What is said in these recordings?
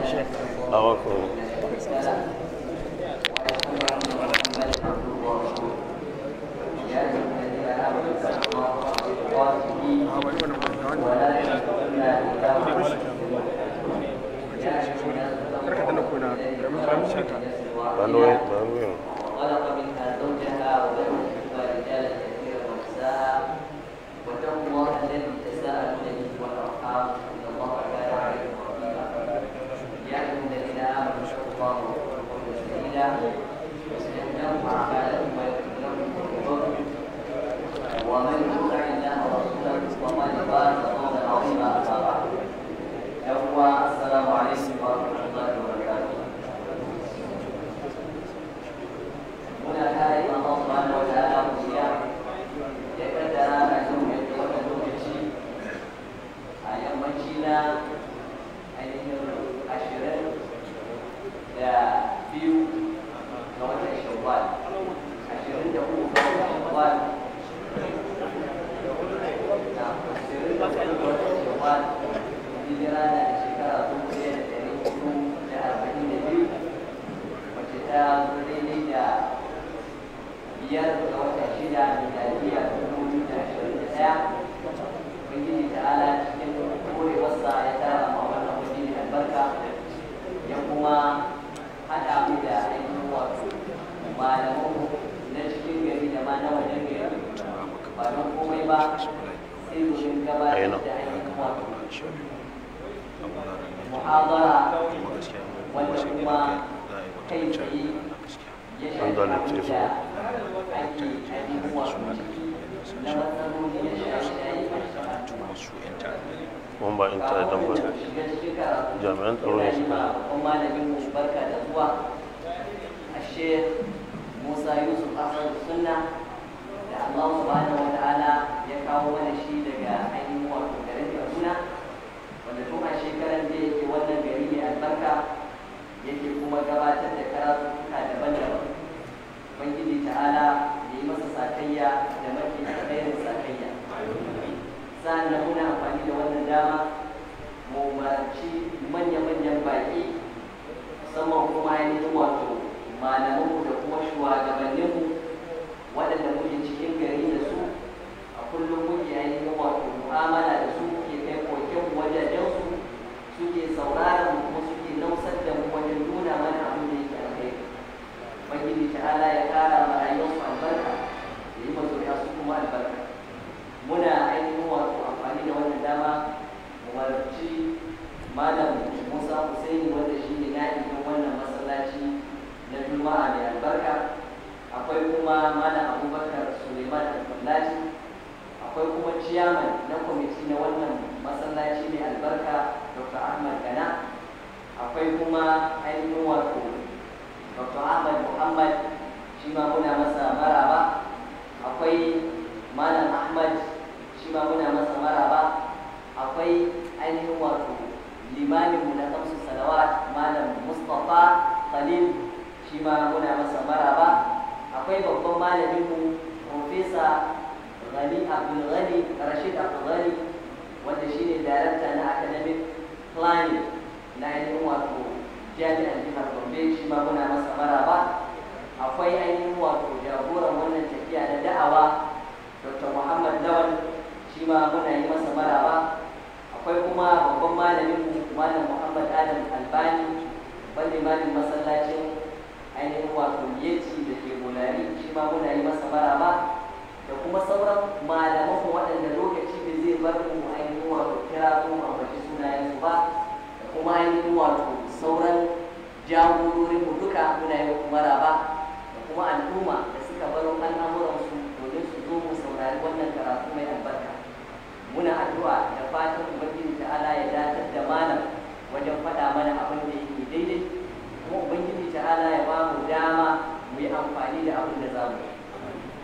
Marokko. Manuel, Manuel. ta'ala ya kara ma rayuwarsu albarka ya yi masoya su kuma albarka muna ainihin wato amfani da wannan dama umarci malam musa husaini wanda shi ne na'ibin wannan masallaci na juma'a mai albarka akwai kuma malam abubakar suleiman al-fallaci akwai kuma ciyaman na kwamiti na wannan masallaci mai albarka dr ahmad gana akwai kuma ainihin wato dr ahmad muhammad shi ma muna masa maraba akwai malam ahmad shi ma muna masa maraba akwai ainihin wato limamin na kamsu salawat malam mustapha khalil shi ma muna masa maraba akwai babban malamin profesa gani abdulghani rashid abdulghani wanda shi ne darakta na academic planning na ainihin wato jami'an jihar gombe shi ma muna masa maraba akwai ainihin wato jagoran wannan tafiya na da'awa dr muhammad lawal shi ma muna yi masa maraba akwai kuma babban malamin malam muhammad adam albani wanda malamin masallacin ainihin wato yeci da ke bolari shi ma muna yi masa maraba da kuma sauran malaman waɗanda lokaci da zai bar mu ainihin wato kira ko ambaci sunayensu ba da kuma ainihin wato sauran jagororin mu duka muna yi maraba da kuma al'umma da suka baro su domin su zo mu saurari wannan karatu mai albarka muna addu'a da fatan ubangiji ta'ala ya dace da malam wajen faɗa mana abin da yake daidai kuma ubangiji ta'ala ya ba mu dama mu yi amfani da abin da za mu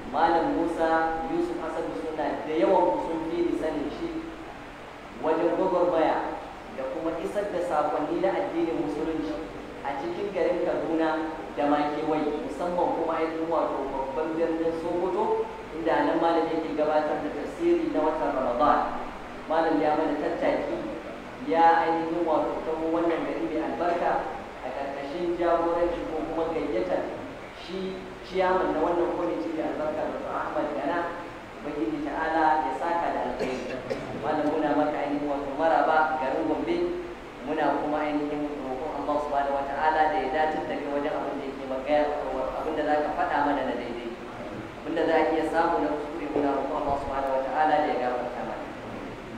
malam musa yusuf Hassan suna da yawan sun da sanin shi wajen gwagwarmaya da kuma isar da sakonni na addinin musulunci a cikin garin kaduna da makewai musamman kuma ya zuwa wato babban birnin sokoto inda nan malam yake gabatar da tasiri na watan ramadan malam ya mana tattaki ya ainihin wato ta wannan gari mai albarka a ƙarƙashin jagoranci ko kuma gayyatar shi ciyaman na wannan kwamitin da albarka da ahmad gana ubangiji ta'ala ya saka da alkhairi malam muna maka ainihin wato maraba garin gombe muna kuma ainihin roƙon Allah subhanahu wataala da ya dace da kai wajen abin da yake magana abin da zaka faɗa mana na daidai abin da za iya samu na kuskure muna roƙon Allah subhanahu wataala da ya gafarta mana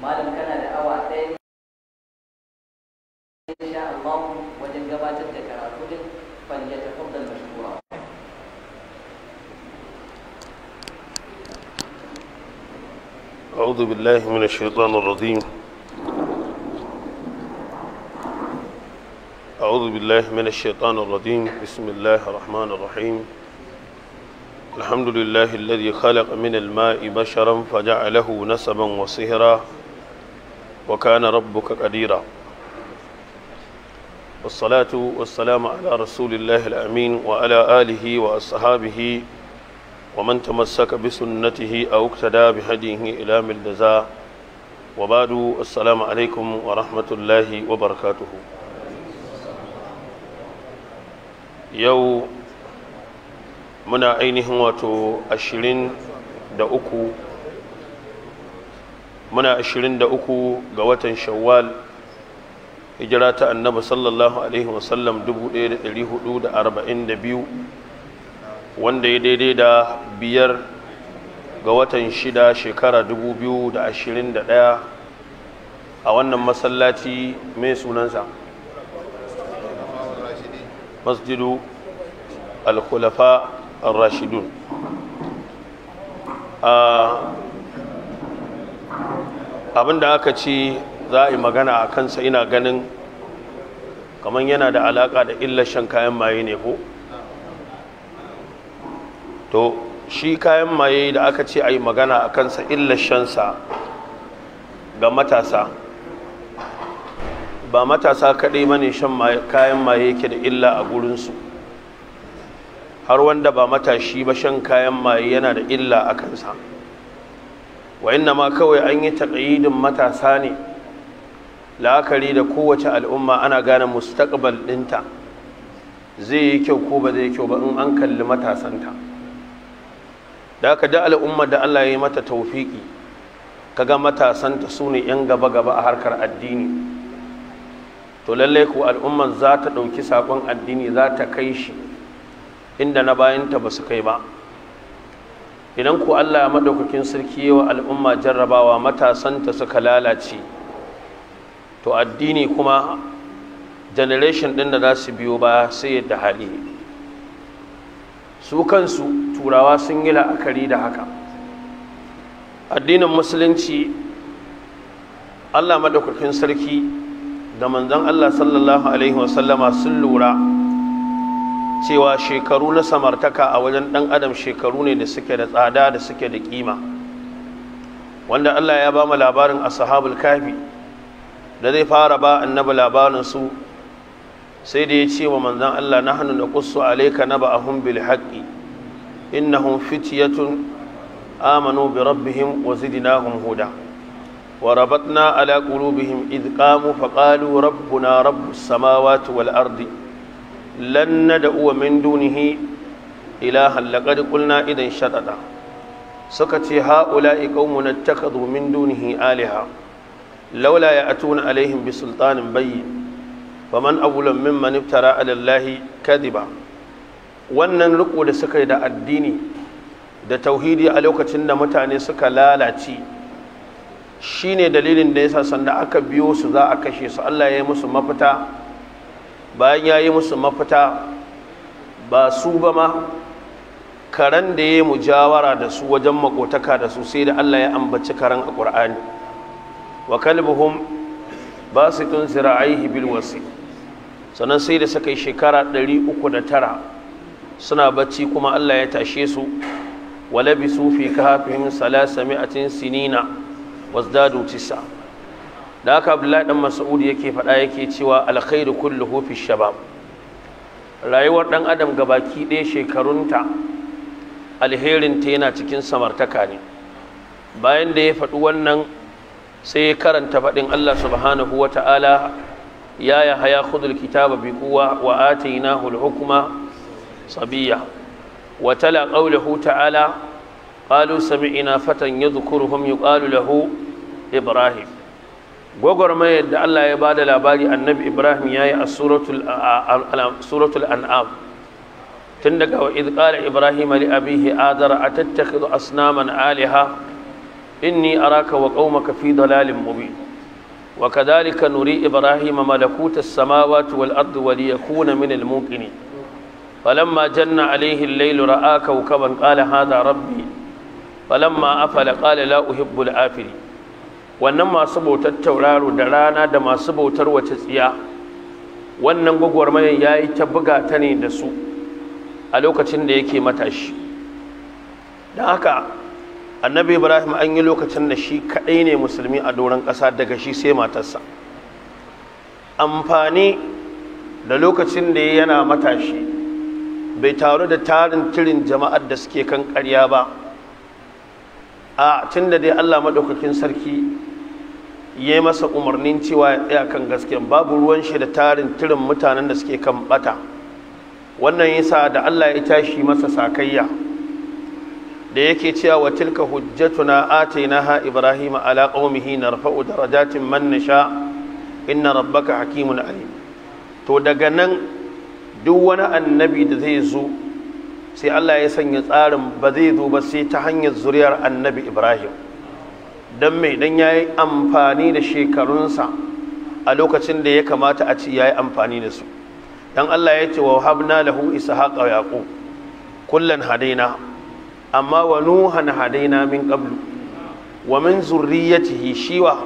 malam kana da awa ɗaya insha Allah wajen gabatar da karatu din fal yatafaddal mashhur أعوذ بالله من الشيطان الرجيم أعوذ بالله من الشيطان الرجيم بسم الله الرحمن الرحيم الحمد لله الذي خلق من الماء بشرا فجعله نسبا وصهرا وكان ربك قديرا والصلاة والسلام على رسول الله الأمين وعلى آله وأصحابه ومن تمسك بسنته أو اقتدى بهديه إلى من جزاء وبعد السلام عليكم ورحمة الله وبركاته يو منا عينهم واتو أشرين دا أكو منا أشرين دا أكو قوة شوال هجرات النبي صلى الله عليه وسلم دبو إيه إليه أربعين دبيو wanda ya daidai da biyar ga watan shida shekara 2021 a wannan masallaci mai sunansa masjidu al-khulafa al-rashidun abinda aka ce za a yi magana a kansa ina ganin kamar yana da alaƙa da illar shan kayan maye ne ko? to shi kayan maye da aka ce a yi magana a kansa illashansa ga matasa ba matasa kaɗai ne shan kayan maye yake da illa a gurinsu har wanda ba matashi ba shan kayan maye yana da illa a kansa wa inna ma kawai an yi taƙayidin matasa ne la'akari da kowace al'umma ana gane mustaqbal ɗinta zai yi kyau ko ba zai yi kyau ba in an kalli matasanta da aka da al'umma da Allah ya yi mata taufiki kaga matasanta su ne 'yan gaba-gaba a harkar addini to lallai ku al'ummar za ta ɗauki saƙon addini za ta kai shi inda na bayanta ba su kai ba idan ku Allah ya maɗaukakin sarki wa al'umma jarrabawa matasanta suka lalace to addini kuma generation ɗin da za su biyo ba sai yadda hali su kansu turawa sun yi la'akari da haka addinin musulunci allah maɗaukakin sarki da manzon allah sallallahu alaihi wasallama sun lura cewa shekaru na samartaka a wajen ɗan adam shekaru ne da suke da tsada da suke da kima wanda allah ya ba mu labarin ashabul kafi da zai fara ba annaba labarin su sai da ya ce wa manzan Allah nahnu naqussu alayka naba'ahum bil haqqi innahum fityatun amanu bi rabbihim wa zidnahum huda wa rabatna ala qulubihim id Rabbu na rabbuna rabbus samawati wal ardi da uwa min dunihi ilahan laqad qulna idan shatata suka ce ha'ula'i na ittakhadhu min dunihi alaha laula ya'tuna alaihim bi sultanin bayyin faman abulan mimman iftara alallahi kadiba wannan riko da suka yi da addini da tauhidi a lokacin da mutane suka lalace shine dalilin da yasa sanda aka biyo su za a kashe su Allah ya yi musu mafita bayan ya yi musu mafita ba su ba ma karen da ya yi mujawara da su wajen makotaka da su sai da Allah ya ambaci karen a ƙur'ani wa kalbuhum basitun zira'aihi bil wasi sannan sai da suka yi shekara tara suna bacci kuma Allah ya tashe su wala bi sufi a salasami'atin sinina wasu tisa da aka Abdullahi dan masu'udu yake faɗa yake cewa alkhairu kullu fi shabab rayuwar ɗan adam ga baki ɗaya shekarunta ta yana cikin samartaka ne bayan da ya faɗi wannan sai ya karanta faɗin Allah subhanahu wa ta'ala يا يحيى خذ الكتاب بقوة وآتيناه الحكمة صبيا وتلا قوله تعالى قالوا سمعنا فتى يذكرهم يقال له إبراهيم غوغر ما يد الله يبادل لاباري النبي إبراهيم يا سورة سورة الأنعام تندك وإذ قال إبراهيم لأبيه آذر أتتخذ أصناما آلهة إني أراك وقومك في ضلال مبين وكذلك نري إبراهيم ملكوت السماوات والأرض وليكون من الموقنين فلما جن عليه الليل رأى كوكبا قال هذا ربي فلما أفل قال لا أحب الآفلين wannan masu bautar tauraro da rana da masu bautar wace tsiya wannan gwagwarmayar ya yi ta buga ta ne da su a lokacin da yake matashi don haka annabi ibrahim an yi lokacin da shi kaɗai ne musulmi a doron ƙasa daga shi sai matarsa amfani da lokacin da ya yana matashi bai taru da tarin tirin jama'ar da suke kan ƙarya ba a tun da dai allah maɗaukakin sarki ya yi masa umarnin cewa ya tsaya kan gaskiya babu ruwan shi da tarin tirin mutanen da suke kan bata wannan yasa da Allah ya tashi masa sakayya da yake cewa wa tilka hujjatuna atainaha ibrahim ala qaumihi narfa'u darajatin man nasha inna rabbaka hakimun alim to daga nan duk wani annabi da zai zo sai Allah ya sanya tsarin ba zai zo ba sai ta hanyar zuriyar annabi ibrahim dan mai dan yayi amfani da shekarunsa a lokacin da ya kamata a ci yayi amfani da su dan Allah ya ce wa habna lahu ishaqa yaqub kullan hadaina amma wa nuhan hadaina min qablu wa min zurriyyatihi shiwa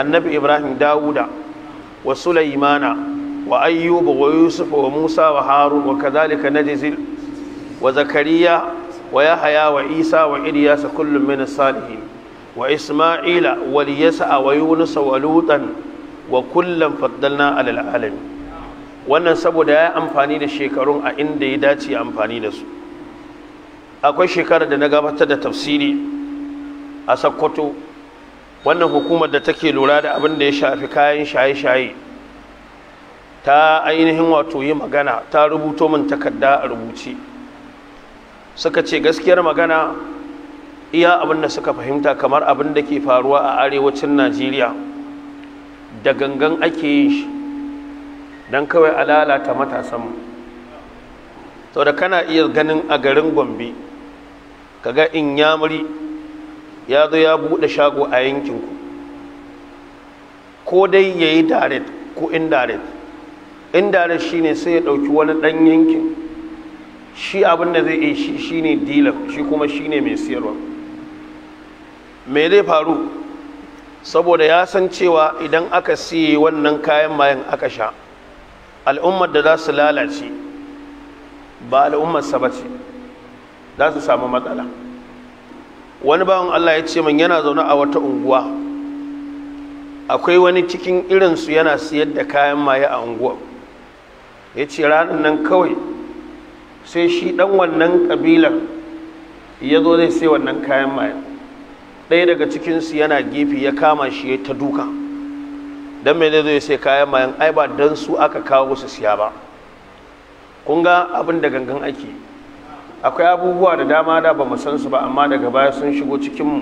annabi ibrahim dawuda wa sulaimana wa ayyuba wa yusuf wa musa wa harun wa kadhalika najzil wa zakariya wa yahya wa isa wa ilyas kullum min salihin wa isma'ila wa yasa wa yunus wa lutan wa kullum faddalna alal alamin wannan saboda ya yi amfani da shekarun a inda ya dace amfani da su akwai shekarar da na gabatar da tafsiri a sakkwato wannan hukumar da take lura da abin da ya shafi kayan shaye-shaye ta ainihin wato yi magana ta rubuto min takarda a rubuce suka ce gaskiyar magana iya abin da suka fahimta kamar abin da ke faruwa a arewacin najeriya da gangan ake yin shi don kawai a lalata matasanmu sau da kana iya ganin a garin gombe kaga in muri ya zo ya buɗe shago a yankinku ko dai ya yi direct ko indirect indirect shine sai ya ɗauki wani ɗan yankin shi abin da zai yi shi shine dealer shi kuma shine mai siyarwa me zai faru saboda ya san cewa idan aka siye wannan kayan mayan aka sha al'ummar da za su lalace ba al'ummar sa ba ce za su samu matsala wani bawan Allah ya ce min yana zaune a wata unguwa akwai wani cikin irinsu yana siyar da kayan maye a unguwa ya ce ranar nan kawai sai shi ɗan wannan kabilar ya zo zai sai wannan kayan maye ɗaya daga cikinsu yana gefe ya kama shi ya ta duka don mai zai zo ya sai kayan mayan ai ba don su aka kawo su siya ba kun ga abin da gangan ake yi akwai abubuwa da dama da ba san su ba amma daga baya sun shigo cikinmu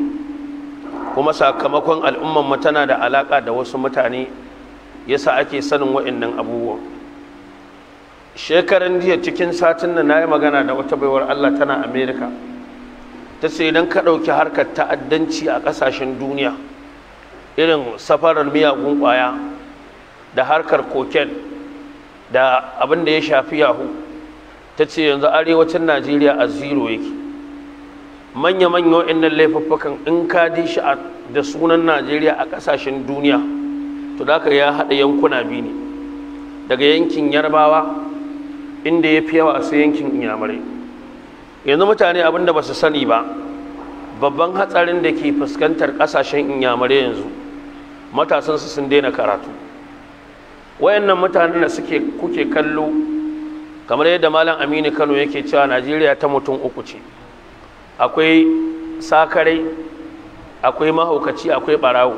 kuma sakamakon mu tana da alaƙa da wasu mutane yasa ake sanin wa'annan abubuwa shekaran jiya cikin satin nan nayi magana da wata baiwar allah tana amerika ta ce idan ka ɗauki harkar ta'addanci a ƙasashen duniya irin safarar miyagun ƙwaya da harkar koken da abin da ya shafi Yahoo. ta ce yanzu arewacin najeriya a zero yake manya-manyan wa'annan laifuffukan in ka ji shi da sunan najeriya a kasashen duniya to da ya haɗa yankuna biyu ne daga yankin yarbawa inda ya fi yawa a sai yankin inyamurai yanzu mutane abin da ba su sani ba babban hatsarin da ke fuskantar ƙasashen inyamurai yanzu matasansu sun daina karatu wayannan mutanen da suke kuke kallo kamar yadda malam aminu kano yake cewa najeriya ta mutum uku ce akwai sakarai akwai mahaukaci akwai barawo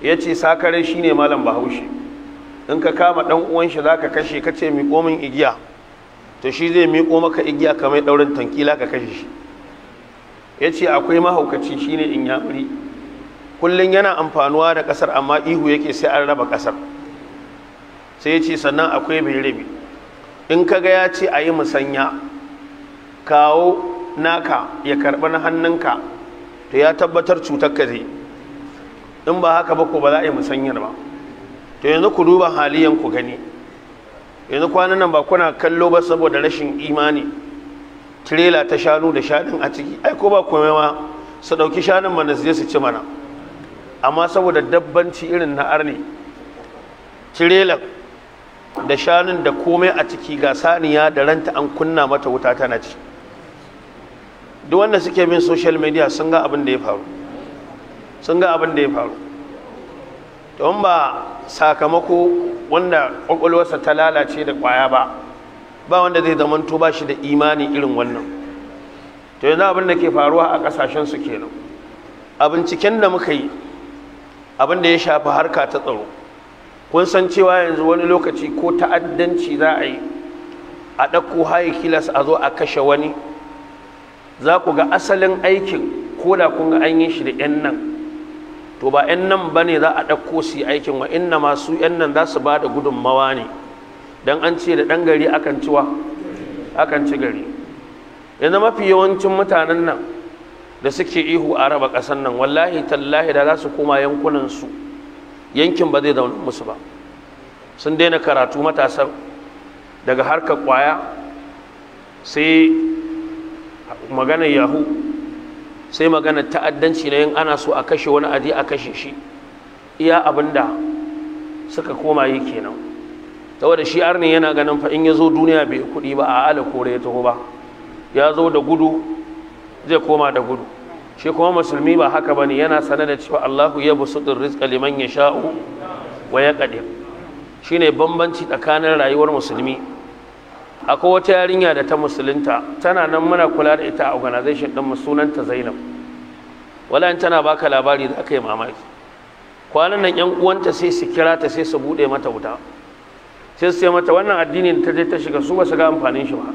ya ce sakarai shine malam bahaushe in ka kama dan uwan shi zaka kashe ka ce miƙo min igiya to shi zai miƙo maka igiya kamar daurin tankila ka kashe shi ya ce akwai mahaukaci shine in yamuri kullum yana amfanuwa da ƙasar amma ihu yake sai an raba ƙasar sai ya ce sannan akwai bai rabi in kaga ya ce a yi musanya kawo naka ya karɓi na hannunka to ya tabbatar cutar ka zai in ba haka ba ko ba za a yi musanyar ba to yanzu ku duba haliyan ku gani yanzu kwanan nan ba kuna kallo ba saboda rashin imani tirela ta shanu da shanin a ciki ai ko ba kome ma su ɗauki shanun mana su je su ci mana amma saboda dabbanci irin na arne tirelan da shanun da komai a ciki ga saniya da ranta an kunna mata wuta tana ci duk wanda suke bin social media sun ga abin da ya faru sun ga abin da ya faru don ba sakamako wanda kwakwalwarsa ta lalace da kwaya ba ba wanda zai zamanto ba shi da imani irin wannan to yanzu abin da ke faruwa a kasashen su kenan a binciken da muka yi abin da ya shafi harka ta tsaro kun san cewa yanzu wani lokaci ko ta'addanci za a yi a ɗauko haye kilas a zo a kashe wani za ku ga asalin aikin ko da kun ga an yi shi da 'yan nan to ba 'yan nan ba ne za a ɗauko su yi aikin wa inna masu 'yan nan za su ba da gudunmawa ne don an ce da ɗan gari akan ciwa akan ci gari yanzu mafi yawancin mutanen nan da suke ihu a raba ƙasar nan wallahi tallahi da za su koma yankunan su yankin ba zai zaune musu ba sun daina karatu matasan daga harkar kwaya sai maganar yahu sai maganar ta'addanci na yin ana so a kashe wani aji a kashe shi iya abin da suka koma yi kenan Ta saboda shi arni yana ganin fa in ya zo duniya bai kuɗi ba a ala kore ya taho ba ya zo da gudu zai koma da gudu shi kuma musulmi ba haka bane yana sane da cewa Allahu ya busudur rizqa liman yasha'u wa yaqdir shine bambanci tsakanin rayuwar musulmi akwai wata yarinya da ta musulunta tana nan muna kula da ita a organization din sunanta Zainab wala in tana baka labari da aka yi mamaki kwanan nan yan uwanta sai su kira ta sai su bude mata wuta sai su mata wannan addini ta je ta shiga su ba su ga amfanin shi ba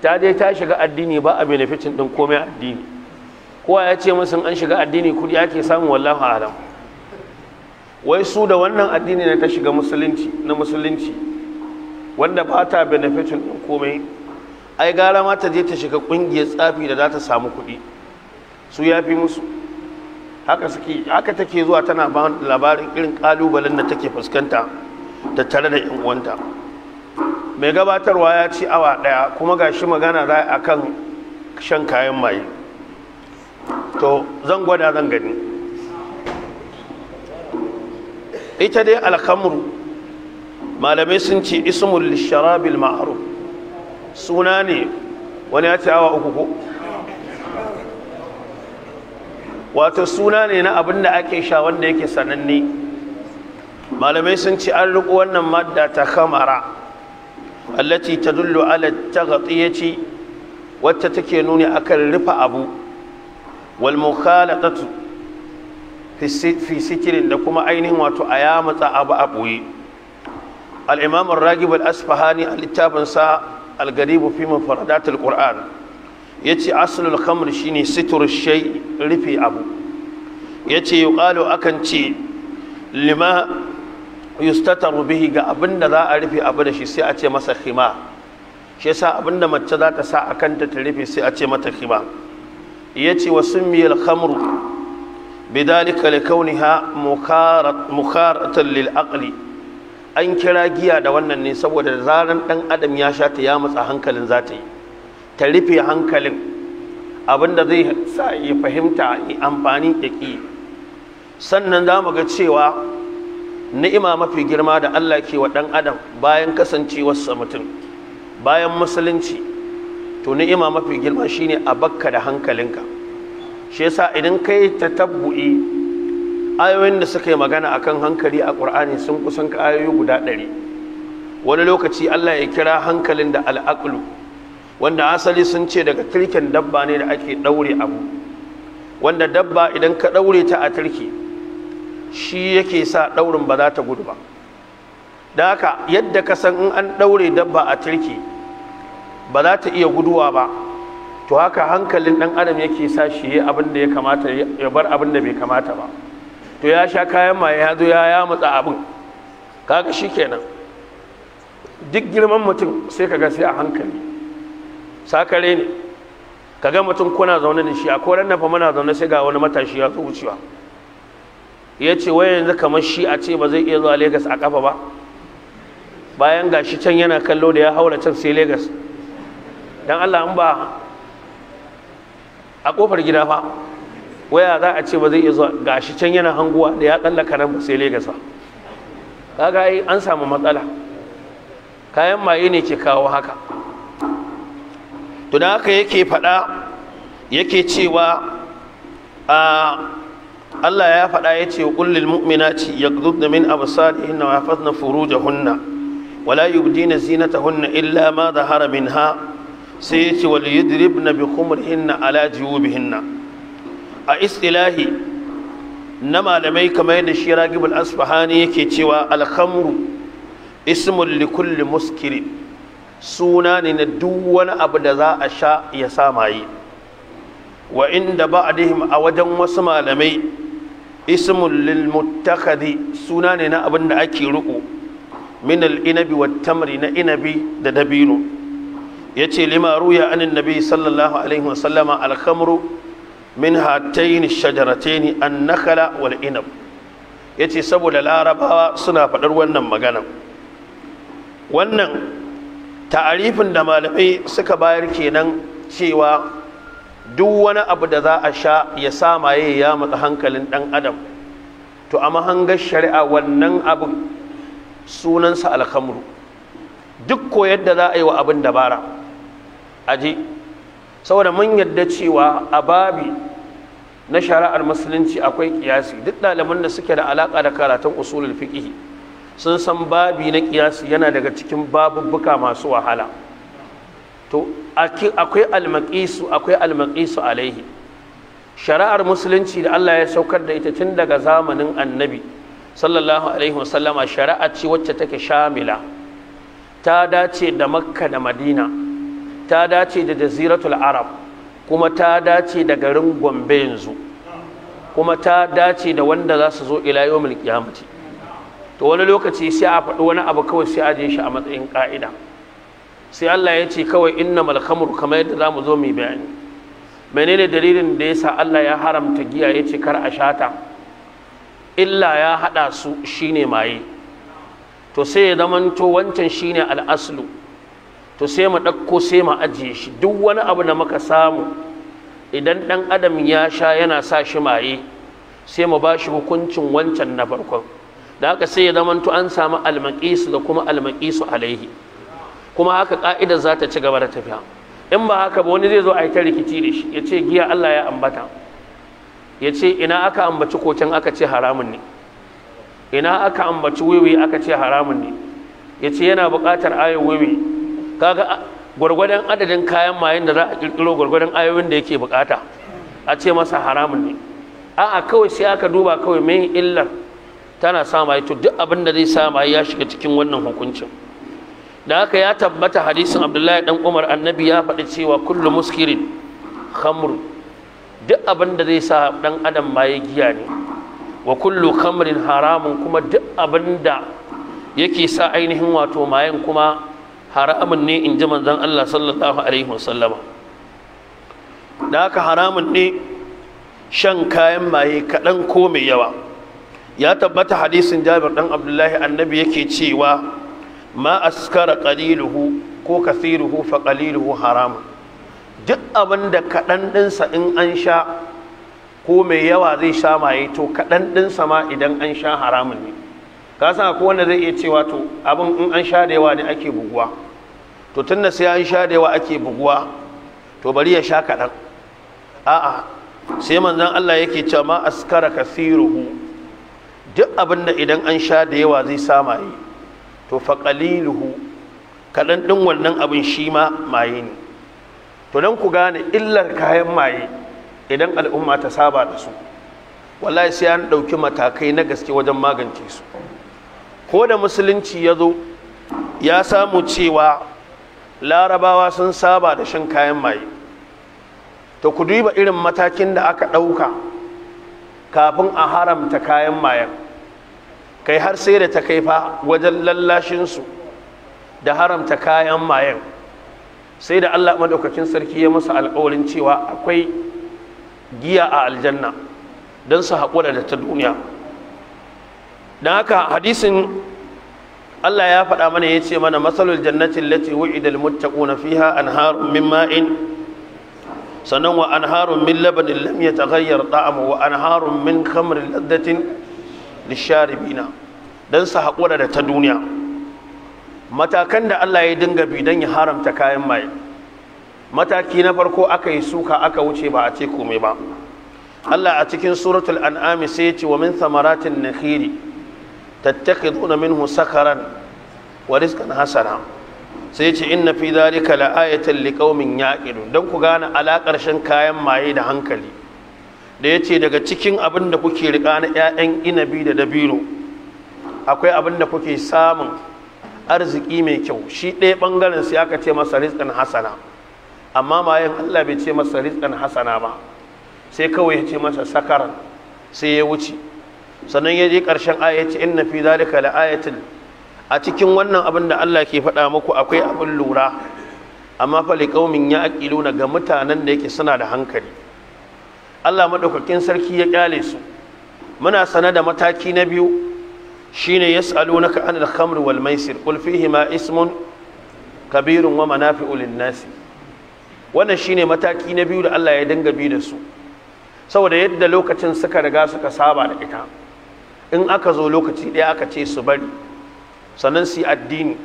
ta je ta shiga addini ba a benefitin din komai addini kowa ya ce musu an shiga addini kudi ake samun wallahu alam wai su da wannan addini na ta shiga musulunci na musulunci wanda ba ta benefitin ɗin komai ai gara ma ta je ta shiga ƙungiyar tsafi da za ta samu kuɗi su ya fi musu haka suke haka take zuwa tana ba labarin irin ƙalubalen da take fuskanta da tare da yan uwanta mai gabatarwa ya ci awa ɗaya kuma gashi magana za a kan shan kayan maye to zan gwada zan gani ita dai alkamru malamai sun ce ismul sharabil ma'ruf suna ne wani ya ce awa uku ko wato suna ne na abin da ake sha wanda yake sananne malamai sun ce an riƙo wannan madda ta kamara allaci ta dullu ala ta ce wacce take nuni akan rufe abu wal mukhalatatu fi sikirin da kuma ainihin wato a yamatsa abu a ɓoye al-imam ragib al-asfahani a littafin sa Algaribu fi mafaradat al-qur'an ce aslul khamr ne situr shai rufe abu yace yuqalu akan ce lima yustataru bihi ga abinda za a rufe abu da shi sai a ce masa khima shi yasa abinda mace za ta sa a kanta ta rufe sai a ce mata khima yace wa summiyal khamr bidalika likawniha ha mukaratan lil aqli an kira giya da wannan ne saboda zaran ɗan adam ya sha ta ya matsa hankalin zata yi ta rufe hankalin abinda zai sa ya fahimta ya amfani da ki sannan za mu ga cewa ni'ima mafi girma da Allah ke wa ɗan adam bayan kasancewarsa mutum bayan musulunci to ni'ima mafi girma shine a bakka da hankalinka shi yasa idan kai ta tabbu'i ayoyin da suka yi magana akan hankali a Qur'ani sun kusan ka ayoyi guda ɗari wani lokaci Allah ya kira hankalin da al'aqlu wanda asali sun ce daga tirkin dabba ne da ake ɗaure abu wanda dabba idan ka ɗaure ta a tirki shi yake sa ɗaurin ba za ta gudu ba da haka yadda ka san in an ɗaure dabba a tirki ba za ta iya guduwa ba to haka hankalin ɗan adam yake sa shi yi abin da ya kamata ya bar abin da bai kamata ba to ya sha kayan maye ya zo ya matsa abin kaga shikenan duk girman mutum sai kaga sai a hankali sakare ne kaga mutum kuna zaune da shi a ran nafa muna zaune sai ga wani matashi ya zo wucewa ya ce wai yanzu kamar shi a ce ba zai iya zuwa Legas a kafa ba bayan gashi can yana kallo da ya haura can sai Legas dan allah in ba a kofar gida fa waya za a ce ba zai iya zuwa gashi can yana hanguwa da ya tsallaka nan sai legasa kaga ai an samu matsala kayan maye ne ke kawo haka to haka yake faɗa yake cewa a Allah ya faɗa ya ce kullil mu'minati yaghdudna min absarihinna wa yahfazna furujahunna wa yubdina zinatahunna illa ma dhahara minha sai ya ce wal yadribna bi khumrihinna ala a istilahi na malamai kamar yadda shi ragibul asfahani yake cewa alhamru li kulli muskiri suna ne na duk wani abu da za a sha ya sa maye wa inda ba a wajen wasu malamai ismun lil suna ne na abin da ake riko min al inabi wat tamri na inabi da dabino ya ce lima ruya anin nabi sallallahu alaihi wasallama alhamru min hatayin shajarataini an nakala wal inab ya ce saboda larabawa suna faɗar wannan magana wannan ta'arifin da malamai suka bayar kenan cewa duk wani abu da za a sha ya maye ya matsa hankalin ɗan adam to a mahangar shari'a wannan abin sunansa alkamru duk koyar da za a yi wa abin dabara aji saboda mun yadda cewa a babi na shari'ar musulunci akwai kiyasi duk ɗaliban da suke da alaƙa da karatun usulul fiqh sun san babi na kiyasi yana daga cikin babubbuka masu wahala to akwai almaqisu akwai almaqisu alaihi shari'ar musulunci da Allah ya saukar da ita tun daga zamanin annabi sallallahu alaihi wasallama shari'a ce wacce take shamila ta dace da makka da madina ta dace da jaziratul arab kuma ta dace da garin gombe yanzu kuma ta dace da wanda za su zo ila yawmul to wani lokaci sai a faɗi wani abu kawai sai a je shi a matsayin ƙa'ida sai Allah ya ce kawai inna khamru kamar yadda zamu zo mu bayani menene dalilin da ya sa Allah ya haramta giya ya ce kar a shata illa ya haɗa su shine maye to sai ya zamanto wancan shine al-aslu to sai mu ɗauko sai mu ajiye shi duk wani abu da muka samu idan ɗan adam ya sha yana sa shi maye sai mu ba shi hukuncin wancan na farkon da haka sai ya zamanto an samu almaƙisu da kuma almaƙisu alaihi kuma haka ƙa'idar za ta ci gaba da tafiya in ba haka ba wani zai zo a yi ta rikici da shi ya ce giya Allah ya ambata ya ce ina aka ambaci koken aka ce haramun ne ina aka ambaci wiwi aka ce haramun ne ya ce yana buƙatar ayin wiwi kaga gwargwadon adadin kayan mayan da za a kirkiro gwargwadon ayoyin da yake bukata a ce masa haramun ne a'a kawai sai aka duba kawai mai illar tana sa mai to duk abin da zai sa mai ya shiga cikin wannan hukuncin da haka ya tabbata hadisin Abdullahi dan Umar annabi ya faɗi cewa kullu muskirin khamr duk abin da zai sa dan adam mai giya ne wa kullu khamrin haramun kuma duk abinda yake sa ainihin wato mayan kuma haramun ne in ji manzon Allah sallallahu alaihi wasallama da haka haramun ne shan kayan maye kaɗan ko mai yawa ya tabbata hadisin jabir ɗan abdullahi annabi yake cewa ma askara ƙaliluhu ko kasiruhu fa ƙaliluhu haramun duk abin da kaɗan ɗinsa in an sha ko mai yawa zai sha maye to kaɗan ɗinsa ma idan an sha haramun ne ka san ko wanda zai iya cewa to abin in an sha da yawa ne ake buguwa to tunda sai an sha da yawa ake buguwa to bari ya sha kaɗan a'a sai manzon Allah yake cewa ma askara kathiruhu duk abin da idan an sha da yawa zai sa maye to fa qaliluhu kaɗan ɗin wannan abin shi ma maye ne to don ku gane illar kayan maye idan al'umma ta saba da su wallahi sai an ɗauki matakai na gaske wajen magance su ko da musulunci ya zo ya samu cewa larabawa sun saba da shan kayan maye to ku duba irin matakin da aka ɗauka kafin a haramta kayan mayan kai har sai da ta kai fa wajen lallashinsu da haramta kayan mayan sai da allah maɗaukakin sarki ya masa alƙawarin cewa akwai giya a aljanna don su haƙura da ta duniya don haka hadisin Allah ya faɗa mana ya ce mana masalul jannati allati wu'ida almuttaquna fiha anharun min ma'in sannan wa anharun min labanin lam yataghayyar ta'amu wa anharun min khamrin laddatin lisharibina dan su haƙura da ta duniya matakan da Allah ya dinga bi dan ya haramta kayan maye mataki na farko aka yi suka aka wuce ba a ce komai ba Allah a cikin suratul an'ami sai ya ce wa min thamaratin nakhiri tattakiduna minhu sakaran wa rizqan hasana sai ce inna fi dhalika la'ayatan liqaumin yaqilun dan ku gane alakar shan kayan maye da hankali da yace daga cikin abin da kuke rika na 'ya'yan inabi da dabino akwai abin da kuke samun arziki mai kyau shi ɗaya bangaren sai aka ce masa rizqan hasana amma mayan Allah bai ce masa rizqan hasana ba sai kawai ya ce masa sakaran sai ya wuce sannan ya je ƙarshen ayaci inna fi zalika la'ayatin a cikin wannan abin da Allah ke faɗa muku akwai abin lura amma fa aƙi ya'qiluna ga mutanen da yake suna da hankali Allah maɗaukakin sarki ya kyale su muna sana da mataki na biyu shine yas'alunaka anil khamr wal maisir qul ma ismun kabirun wa manafi'u lin nasi wannan shine mataki na biyu da Allah ya dinga bi da su saboda yadda lokacin suka riga suka saba da ita in aka zo lokaci ɗaya aka ce su bari sannan su addini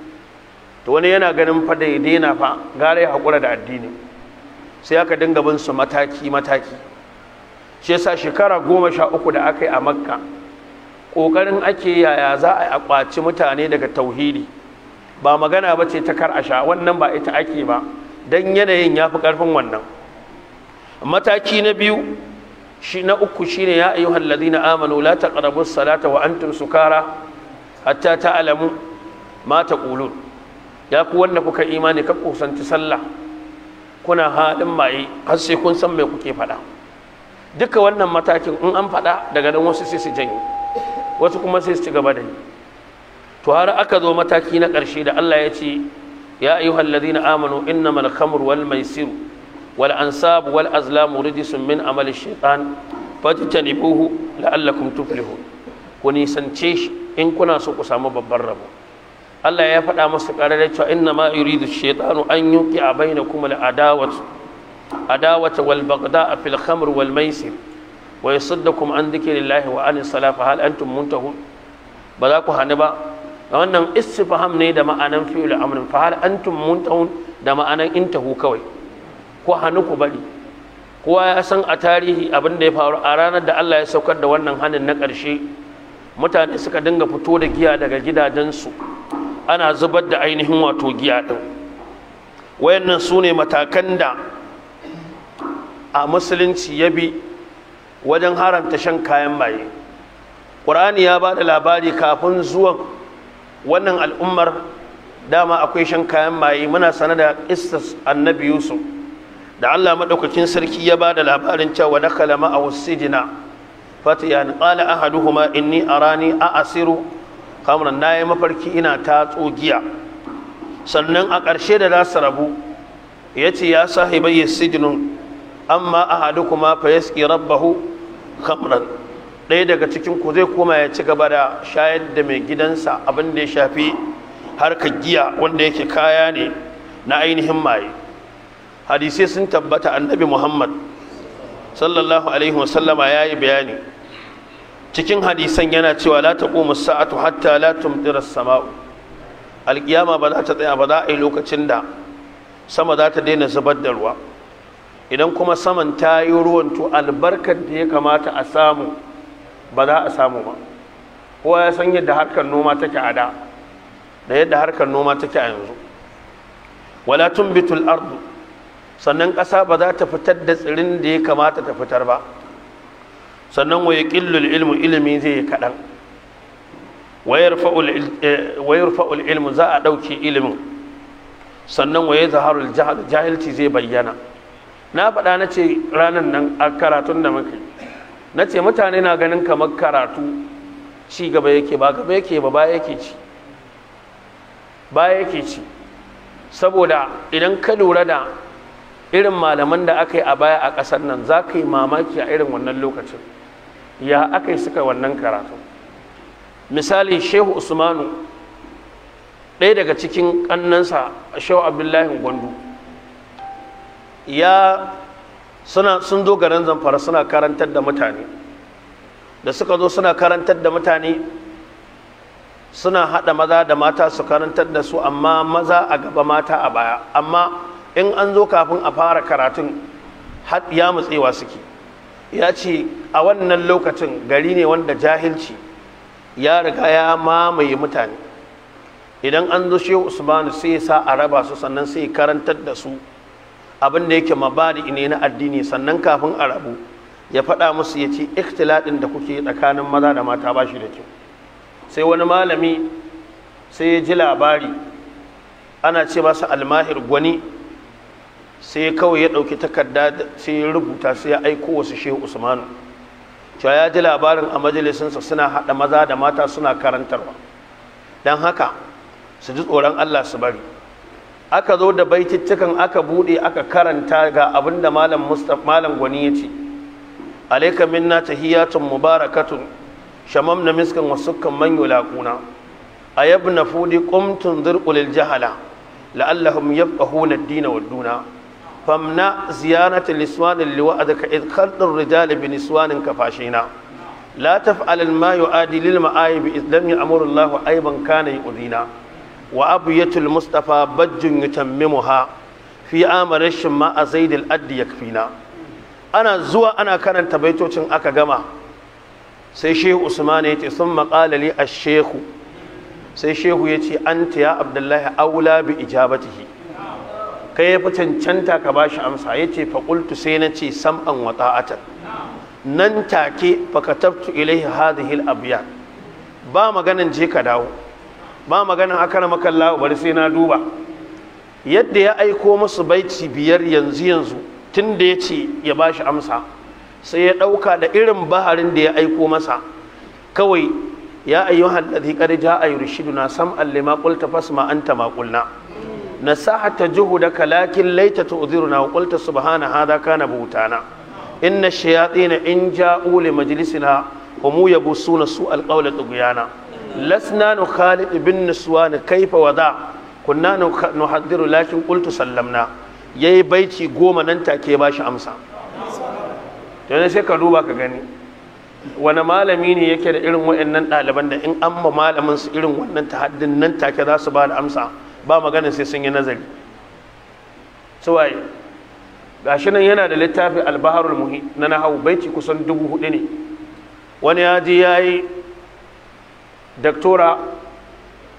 to wani yana ganin fa ya daina fa gara ya haƙura da addini sai aka dinga bin su mataki mataki shi yasa shekara goma sha uku da aka yi a makka ƙoƙarin ake yaya za a ƙwaci mutane daga tauhidi ba magana ba ce ta kar a sha wannan ba ita ake ba don yanayin ya fi ƙarfin wannan mataki na biyu shi na uku shine ya ayyuhal ladina amanu la taqrabu salata wa antum sukara hatta ta'lamu ma taqulun ya ku wanda kuka imani ka kusanci sallah kuna haɗin maye har sai kun san me kuke faɗa duka wannan matakin in an faɗa daga nan wasu sai su janye wasu kuma sai su ci gaba da ni to har aka zo mataki na ƙarshe da Allah ya ce ya ayyuhal ladina amanu innamal khamru wal maisiru wal ansab wal azlam rijsun min amali shaitan fajtanibuhu la'allakum tuflihun ku nisance shi in kuna so ku samu babban rabo Allah ya faɗa masa ƙarar cewa inna ma yuridu shaytanu an yuqi bainakum al-adawat adawata wal baghda fil khamr wal maisir wa yasaddakum an dhikrillahi wa anis salah fa hal antum muntahun ba za ku hani ba wannan istifham ne da ma'anan fi'il amrin fa hal antum muntahun da ma'anan intahu kawai ko hannu ku bari kowa ya san a tarihi abin da ya faru a ranar da Allah ya saukar da wannan hannun na ƙarshe mutane suka dinga fito da giya daga gidajensu ana zubar da ainihin wato giya ɗin wayannan su ne matakan da a musulunci ya bi wajen haramta shan kayan maye ƙur'ani ya ba da labari kafin zuwan wannan al'ummar dama akwai shan kayan maye muna sana da istas annabi yusuf da Allah madaukakin sarki ya bada labarin cewa kalama a wasidina fatiyan qala ahaduhuma inni arani Kamar na nayi mafarki ina ta tsogiya sannan a ƙarshe da za su rabu yace ya sahibai sijinun amma ahadukuma fa yasqi rabbahu kamran ɗaya daga cikin ku zai koma ya ci gaba da shayar da mai gidansa abin da ya shafi harkar giya wanda yake kaya ne na ainihin maye hadisai sun tabbata annabi muhammad sallallahu alaihi wasallama ya yi bayani cikin hadisan yana cewa la taqumu sa'atu hatta la tumtira samau alƙiyama ba za ta tsaya ba za a yi lokacin da sama za ta daina zubar da ruwa idan kuma saman ta yi ruwan to albarkar da ya kamata a samu ba za a samu ba kowa ya san yadda harkar noma take a da da yadda harkar noma take a yanzu wala tumbitul ardu sannan ƙasa ba za ta fitar da tsirin da ya kamata ta fitar ba sannan wa ƙillul ilmu ilimi zai yi kaɗan wayar fa'ul eh, ilmu za a ɗauke ilimin sannan waye zaharul jahilci zai bayyana na faɗa na ce ranar nan a karatun da muke na ce mutane na ganin kamar karatu ci gaba yake ba gaba yake ba baya yake ci baya yake ci saboda idan ka lura da irin malaman da aka yi a baya a ƙasar nan za ka yi mamaki a irin wannan lokacin ya aka yi suka wannan karatu misali shehu usmanu ɗaya daga cikin ƙannansa shehu abdullahi gwandu ya suna sun zo garin zamfara suna karantar da mutane da suka zo suna karantar da mutane suna haɗa maza da mata su karantar da su amma maza a gaba mata a baya amma in an zo kafin a fara karatun ya matsewa suke ya ce a wannan lokacin gari ne wanda jahilci ya riga ya mamaye mutane idan an zo shehu usmanu sai sa a raba su sannan sai karantar da su abin da yake mabadi ne na addini sannan kafin a rabu ya faɗa musu ya ce ikhtiladin da kuke tsakanin maza da mata ba shi da kyau sai wani malami sai ya ji labari ana ce masa almahir gwani sai kawai ya ɗauki takarda sai ya rubuta sai ya aiko wasu shehu usmanu cewa ya ji labarin a majalisinsa suna haɗa maza da mata suna karantarwa don haka su ji tsoron allah su bari aka zo da baitittukan aka buɗe aka karanta ga abin da malam mustapha malam gwani ya ce alaika minna tahiyatun mubarakatun shamam na miskan wasukan man A ayabna fudi ƙumtun dhirqul jahala la'allahum yafqahuna ad-dina wad-duna famna ziyarata liswanin liwa'adaka id khalqur rijali bi niswanin kafashina la taf'al ma yu'adi lil ma'ayib id lam ya'mur Allah ayban kana yu'dina wa abiyatul mustafa bajjun yutammimuha fi amarashin ma a zaidil addi yakfina ana zuwa ana karanta baitocin aka gama sai shehu usman ya ce sun maƙala a shehu sai shehu ya ce an ta ya abdullahi aula bi ijabatihi kai ya fi cancanta ka ba shi amsa ya ce faƙultu sai na ce sam'an wa ta'atan nan take fakatabtu ilaihi hadhihi al-abyan ba maganan je ka dawo ba maganan akara makalla bari sai na duba yadda ya aiko musu baici biyar yanzu yanzu tunda ya ce ya ba shi amsa sai ya ɗauka da irin baharin da ya aiko masa kawai ya ayyuhan ladhi qad jaa yurshiduna sam'an lima qulta fasma anta ma qulna nasahata juhudaka lakin laita tu'dhiruna wa qulta subhana hadha kana buhtana inna ash-shayatin in ja'u li majlisina wa mu yabusuna su'al qawla tughyana lasna nukhalid bin niswan kaifa wada kunna nuhaddiru lakin qultu sallamna yayi baici goma nan take ba shi amsa to ne sai ka duba ka gani wani malami ne yake da irin waɗannan ɗaliban da in an ma malamin su irin wannan tahaddin nan take za su ba da amsa ba maganin sai sun yi nazari suwaye gashi nan yana da littafi albaharul muhi na nahawu baiti kusan dubu hudu ne wani ya ji ya yi daktora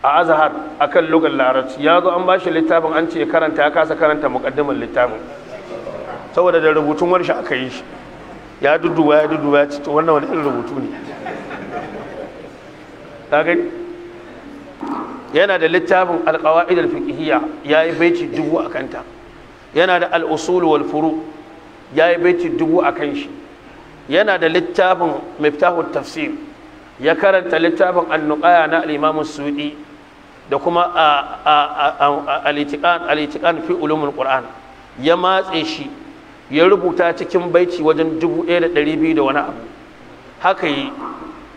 a azahar a kan lugar larabci ya zo an ba shi littafin an ce karanta ya kasa karanta muƙaddimin littafin saboda da rubutun shi aka yi shi ya duduwa ya duduwa ya ci wannan wani irin rubutu ne yana da littafin alqawaid alfiqhiyya yayi baiti dubu ta yana da al wal furu yayi baiti dubu akan shi yana da littafin miftahut tafsir ya karanta littafin annuqaya na al-imam sudi da kuma al-itiqan al-itiqan fi al qur'an ya matse shi ya rubuta cikin baici wajen dubu ɗaya da ɗari biyu da wani abu haka yi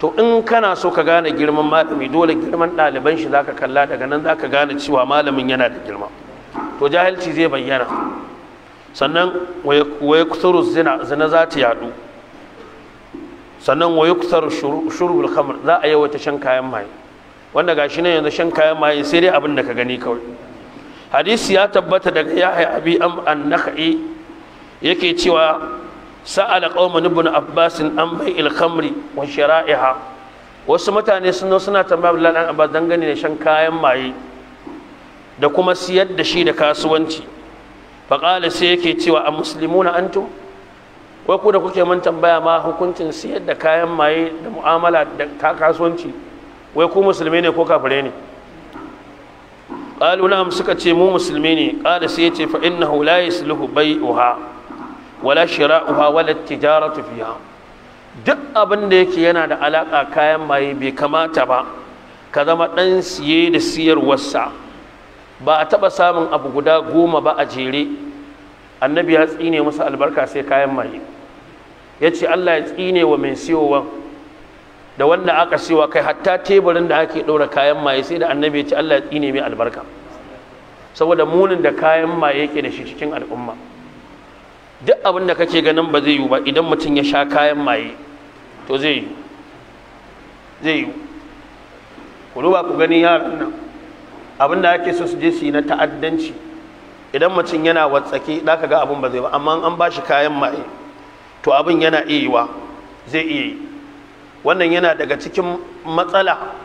to in kana so ka gane girman malami dole girman ɗaliban shi zaka kalla daga nan zaka gane cewa malamin yana da girma to jahilci zai bayyana sannan waye kusuru zina zina za ta yadu sannan waye kusuru shurbul khamr za a yawaita shan kayan maye wanda gashi ne yanzu shan kayan maye sai dai abin da ka gani kawai hadisi ya tabbata daga yahya abi am an-nakhai yake cewa sa'ala qauman ibn abbas an bai il khamri wa shara'iha wasu mutane sun zo suna tambayar Abdullahi dan Abbas dangane da shan kayan maye da kuma siyar da shi da kasuwanci fa sai yake cewa a muslimuna antum wai ku da kuke man tambaya ma hukuncin siyar da kayan maye da mu'amala da kasuwanci wai ku musulmi ne ko kafire ne qalu suka ce mu musulmi ne qala sai yace fa innahu la Bai bai'uha wala shira'uha wala tijaratu fiha duk abin da yake yana da alaka kayan maye bai kamata ba ka zama ɗan siye da siyarwarsa ba a taba samun abu guda goma ba a jere annabi ya tsine musu albarka sai kayan maye ya ce Allah ya tsine wa mai siyowa da wanda aka siyowa kai hatta teburin da ake ɗora kayan maye sai da annabi ya ce Allah ya tsine mai albarka saboda munin da kayan maye yake da shi cikin al'umma duk abin da kake ganin ba zai yiwu ba idan mutum ya sha kayan maye to zai yiwu zai yi ku duba ku gani yaran nan abin da ake so su je su yi na ta'addanci idan mutum yana watsake za ka ga abin ba zai ba amma an ba shi kayan maye to abin yana iya yiwa zai iya yi wannan yana daga cikin matsala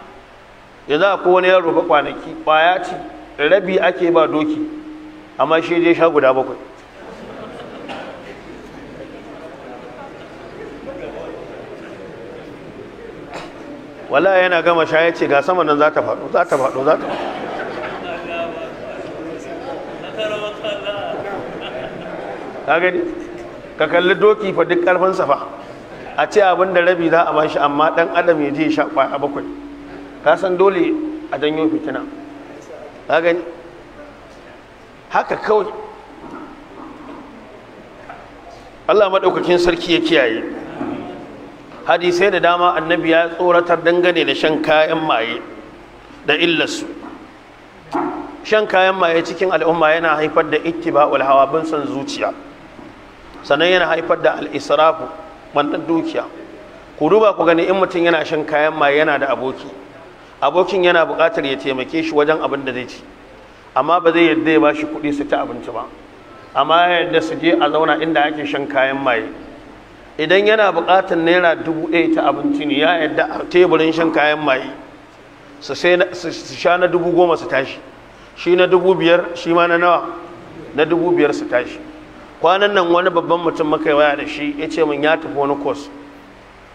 ya za ko wani yaro ba kwanaki ƙwaya ce rabi ake ba doki amma shi dai sha guda bakwai wala yana gama sha ya ce ga sama nan za ta faɗo za ta faɗo za ta ka gani ka kalli doki fa duk ƙarfin safa a ce abin da rabi za a ba shi amma ɗan adam ya je sha a bakwai ka san dole a janyo fitina ka gani haka kawai Allah maɗaukakin sarki ya kiyaye hadisai da dama annabi ya tsoratar dangane da shan kayan maye da illarsu shan kayan maye cikin al'umma yana haifar da ittiba'ul hawa bin son zuciya sannan yana haifar da al'israfu wannan dukiya ku duba ku gani in mutum yana shan kayan maye yana da aboki abokin yana buƙatar ya taimake shi wajen abin da zai ci amma ba zai yarda ya ba shi kuɗi su ta abinci ba amma ya yarda su je a zauna inda ake shan kayan maye idan yana buƙatar naira dubu ɗaya ta abinci ne ya yadda a teburin shan kayan maye su sha na dubu goma su tashi shi na dubu biyar shi ma na nawa na dubu biyar su tashi kwanan nan wani babban mutum maka waya da shi ya ce min ya tafi wani kwas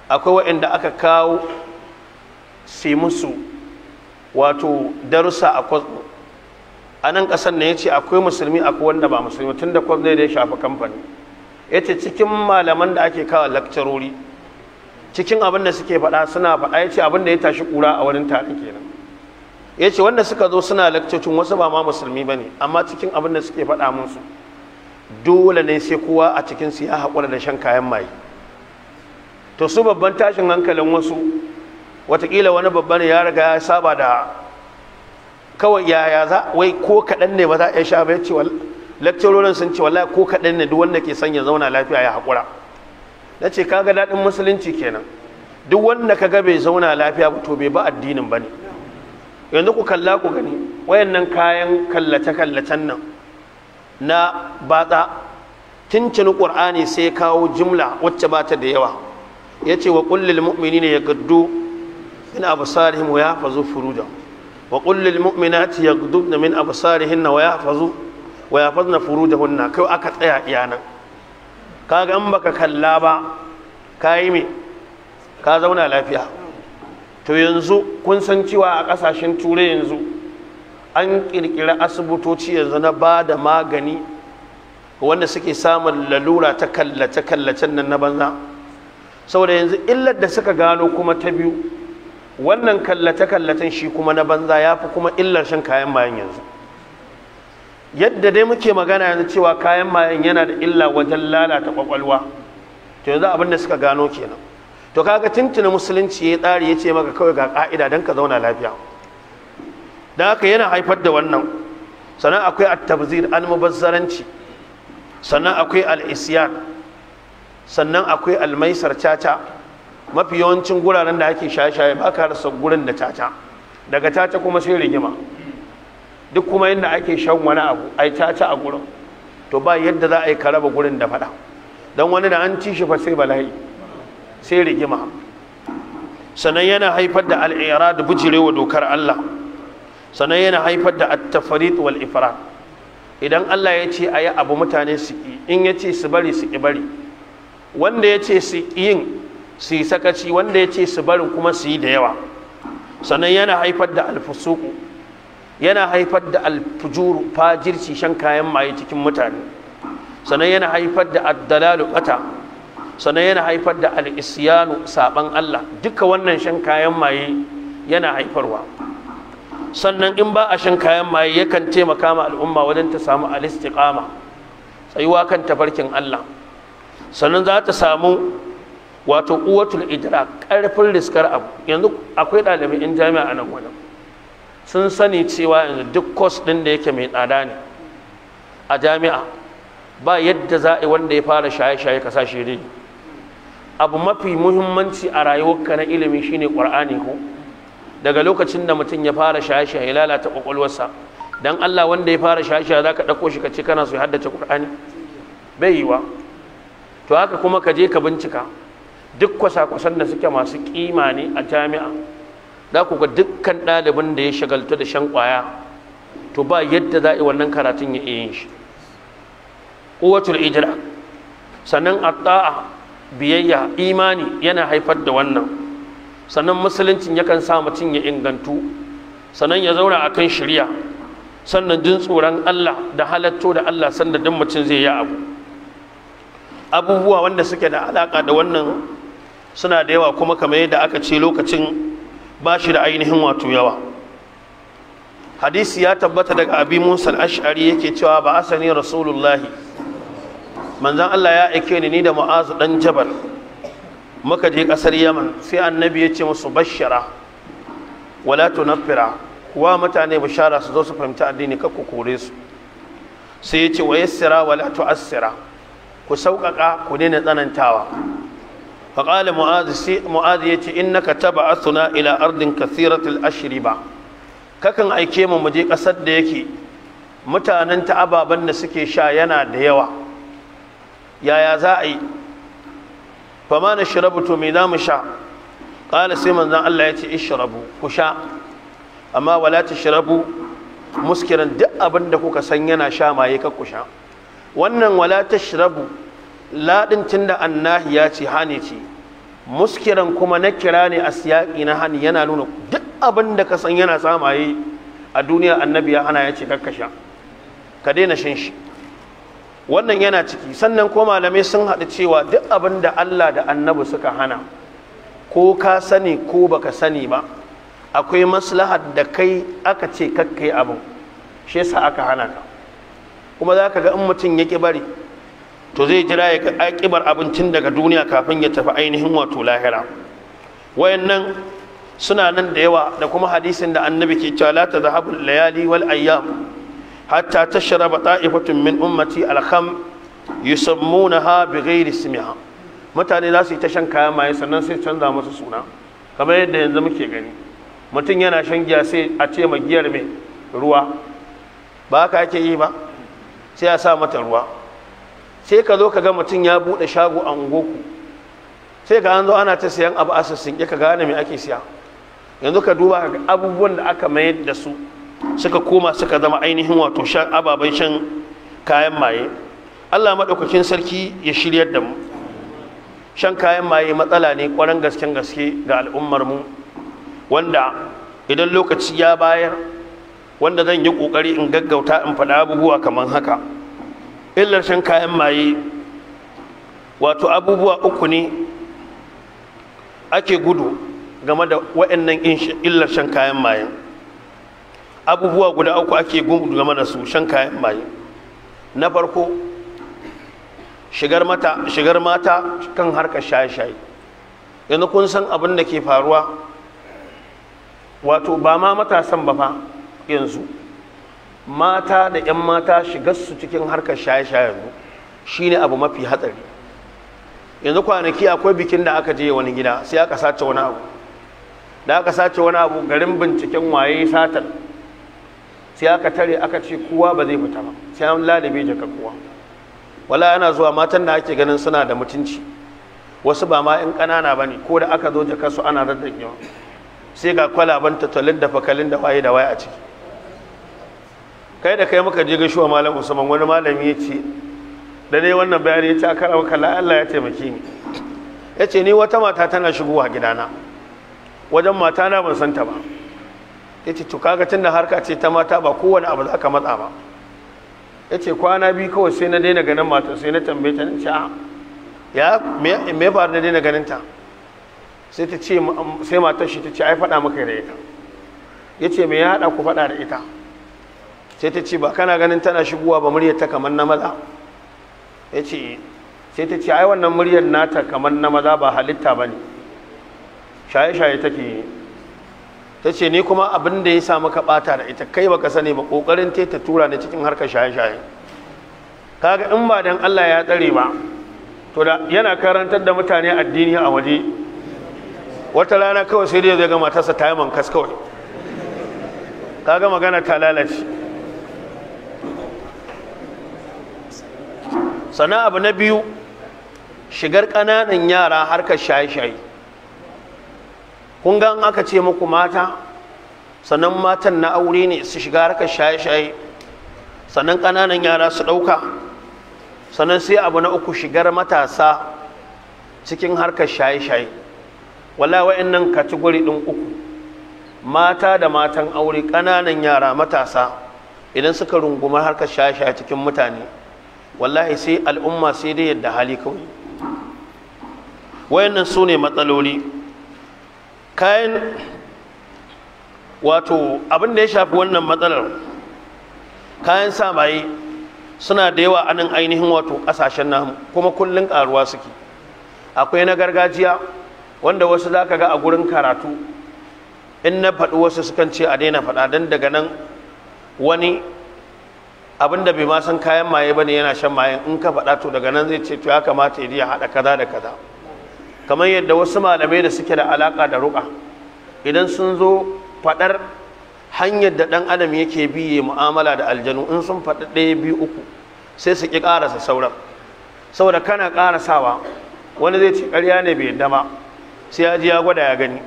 akwai waɗanda aka kawo sai musu wato darussa a kwas a nan ƙasar ne ya ce akwai musulmi akwai wanda ba musulmi tun da kwas ne da ya shafi kamfani Ya ce cikin malaman da ake kawo lakcarori cikin abin da suke faɗa suna faɗa ce abin da ya tashi kura a wani taron kenan ce wanda suka zo suna lakcocin wasu ba ma musulmi ba ne. amma cikin abin da suke faɗa musu dole ne sai kowa a cikin su ya haƙura da shan kayan mai to su babban tashin hankalin wasu watakila wani babban ya riga ya saba da kawai yaya za wai ko kaɗan ne ba za a iya sha ba ya ce lakcarorin sun ce wallahi ko kaɗan ne duk wanda ke sanya zauna lafiya ya haƙura na ce kaga daɗin musulunci kenan duk wanda kaga bai zauna lafiya ba to bai ba addinin ba ne yanzu ku kalla ku gani wayannan kayan kallace-kallacen nan na batsa tuncin ƙur'ani sai kawo jumla wacce ba ta da yawa ya ce wa ƙullil ne ya gaddu min absarihim wa yahfazu da wa ƙullil mu'minati yaghdubna min na wa yahfazu wa da hunna kai aka tsaya iyanan ga an baka kalla ba yi me ka zauna lafiya to yanzu kun san cewa a ƙasashen turai yanzu an kirkira asibitoci yanzu na ba da magani wanda suke samun lalura ta kallace kallacen nan na banza saboda yanzu illar da suka gano kuma ta biyu wannan kallace kallacen shi kuma na banza ya fi kuma illar shan kayan bayan yanzu yadda dai muke magana yanzu cewa kayan mayan yana da illa wajen lalata kwakwalwa to yanzu abin da suka gano kenan to kaga tuntuna musulunci ya tsari ya ce maka kawai ga ka'ida don ka zauna lafiya don haka yana haifar da wannan sannan akwai at-tabzir an mubazzaranci sannan akwai al sannan akwai almaisar caca mafi yawancin guraren da ake shaye-shaye ba ka rasa gurin da caca daga caca kuma sai rigima duk kuma yadda ake shan wani abu ai caca a gurin to ba yadda za a yi karaba gurin da faɗa don wani da an ci shi fa sai bala'i sai rigima sannan yana haifar da al'ira da bujirewa dokar Allah sannan yana haifar da attafarit wal ifra idan Allah ya ce a yi abu mutane su in ya ce su bari su ki bari wanda ya ce su yin su yi sakaci wanda ya ce su barin kuma su yi da yawa sannan yana haifar da alfusuku yana haifar da alfujur fajirci shan kayan maye cikin mutane sannan yana haifar da addalalu bata sannan yana haifar da al'isyanu saɓan Allah duka wannan shan kayan maye yana haifarwa sannan in ba a shan kayan maye yakan taimaka ma al'umma wajen ta samu alistiqama tsayuwa kan tafarkin Allah sannan za ta samu wato uwatul idrak ƙarfin riskar abu yanzu akwai ɗalibin jami'a a nan wajen sun sani cewa yanzu duk kwas ɗin da yake mai tsada ne a jami'a ba yadda za a wanda ya fara shaye-shaye ka sa shi abu mafi muhimmanci a rayuwarka na ilimi shine ƙur'ani ko daga lokacin da mutum ya fara shaye-shaye lalata ƙwaƙwalwarsa dan Allah wanda ya fara shaye-shaye za ka ɗauko shi ka ce kana so ya haddace Kur'ani? bai yiwa to haka kuma ka je ka bincika duk kwasa-kwasan da suke masu kima ne a jami'a da ku ga dukkan ɗalibin da ya shagalta da shan kwaya, to ba yadda za a wannan karatun ya iya yin shi ƙuwatul ijira sannan atta'a biyayya imani yana haifar da wannan sannan musuluncin yakan sa mutum ya ingantu sannan ya zauna akan shirya sannan jin tsoron Allah da halatto da Allah sannan duk mutum zai yi abu abubuwa wanda suke da alaka da wannan suna da yawa kuma kamar yadda aka ce lokacin ba shi da ainihin wato yawa hadisi ya tabbata daga abin musa al'ashari ashari yake cewa ba asani rasulullahi manzon Allah ya aike ni ni da ma'azu dan jabal muka je kasar yaman sai annabi ya ce musu bashara wala tunaffira wa mutane bashara su zo su fahimci addini kakku kore su sai ya ce wa yassira wala tu'assira ku sauƙaƙa ku daina tsanantawa فقال معاذ سي معاذ يتي إنك تبعثنا إلى أرض كثيرة الأشربة ككن أيكي من مجيء أسد يكي متى أنت أبا بن سكي شاينا ديوا يا يا زائي فما نشربت مدام شا قال سيمن ذا الله يتي اشربوا كشا أما ولا تشربوا مسكرا دأ أبن دكوك سنينا شا ما يكا كشا وأن ولا تشربوا laɗin tun da annahi ya ce hane ce muskiran kuma na kira ne a siyaƙi na hani yana nuna duk abin da ka san yana samaye a duniya annabi ya hana ya ce kakkasha ka daina shan shi wannan yana ciki sannan ko malamai sun haɗu cewa duk abin da Allah da annabi suka hana ko ka sani ko baka sani ba akwai maslahar da kai aka ce kakkai abin shi yasa aka hana ka kuma za ka ga in mutum ya ƙi bari to zai jira ya ga abincin daga duniya kafin ya tafi ainihin wato lahira wayannan suna nan da yawa da kuma hadisin da annabi ke cewa la tadhhabu layali wal ayyam hatta tashraba ta'ifatun min ummati al kham yusammunaha bighairi ismiha mutane za su yi ta shan kayan maye sannan sai canza musu suna kamar yadda yanzu muke gani mutum yana shan giya sai a ce ma giyar mai ruwa ba haka ake yi ba sai a sa mata ruwa sai ka zo ka ga mutum ya buɗe shago a ungoku sai ka an zo ana ta sayan abu ya ka gane me ake siya yanzu ka duba abubuwan da aka mayar da su suka koma suka zama ainihin wato shan ababen shan kayan maye Allah maɗaukakin sarki ya shiryar da mu shan kayan maye matsala ne ƙwarar gasken gaske ga al'ummar mu wanda idan lokaci ya bayar wanda zan yi ƙoƙari in gaggauta in faɗa abubuwa kamar haka illar shan kayan maye wato abubuwa uku ne ake gudu game da waɗannan illar shan kayan maye abubuwa guda uku ake gudu game da su shan kayan maye na farko shigar mata shigar mata kan harka shaye-shaye yanzu kun san abin da ke faruwa wato ba ma matasan ba fa yanzu mata da 'yan mata shiga su cikin harkar shaye-shayen shine abu mafi hatsari yanzu kwanaki akwai bikin da aka je wani gida sai aka sace wani abu da aka sace wani abu garin binciken waye satar sai aka tare aka ce kowa ba zai fita ba sai an lalabe jaka kowa wala yana zuwa matan da ake ganin suna da mutunci wasu ba ma 'yan ƙanana ba ne ko da aka zo jaka su ana raddanyewa sai ga kwalaban tattalin da fakalin da waye da waye a ciki kai da kai muka je shuwa malam usman wani malami ya ce da dai wannan bayani ya ce a kara maka Allah ya taimake ni ya ce ni wata mata tana shigowa gidana wajen mata na ban santa ba ya ce to kaga tunda harka ce ta mata ba kowane abu za ka matsa ba ya ce kwana biyu kawai sai na daina ganin mata sai na tambaye ta ce a ya me faru na daina ganin ta sai ta ce sai matar shi ta ce ai faɗa maka da ita ya ce me ya haɗa ku faɗa da ita sai ta ce ba kana ganin tana shigowa ba muryar ta kamar na maza ya ce sai ta ce ai wannan muryar nata kamar na maza ba halitta ba ne shaye-shaye take yi ta ce ni kuma abin da ya sa maka bata da ita kai baka sani ba kokarin ta ta tura ni cikin harka shaye-shaye kaga in ba dan Allah ya tsare ba to da yana karantar da mutane addini a waje wata rana kawai sai dai zai ga matarsa ta yi mankas kawai kaga magana ta lalace sannan abu na biyu shigar ƙananan yara harkar shaye-shaye kun aka ce muku mata sannan matan na aure ne su shiga harkar shaye-shaye sannan ƙananan yara su ɗauka sannan sai abu na uku shigar matasa cikin harkar shaye-shaye wala wa'annan kategori ɗin uku mata da matan aure ƙananan yara matasa idan suka rungumar harkar shaye-shaye cikin mutane wallahi sai al'umma sai dai yadda hali kawai wayannan su ne matsaloli kayan wato abin da ya shafi wannan matsalar kayan samaye suna da yawa anan ainihin wato ƙasashen namu kuma kullum ƙaruwa suke akwai na gargajiya wanda wasu za ka ga a gurin karatu in na faɗi wasu sukan ce a daina faɗa don daga nan wani abinda bai ma san kayan maye ba ne yana shan maye in ka faɗa to daga nan zai ce to ya kamata ya je ya haɗa kaza da kaza kamar yadda wasu malamai da suke da alaƙa da ruƙa idan sun zo faɗar hanyar da ɗan adam yake bi ya mu'amala da aljanu in sun faɗi ɗaya biyu uku sai su ƙi ƙarasa sauran saboda kana ƙarasawa wani zai ce ƙarya ne bai yadda ba sai ya ji ya gwada ya gani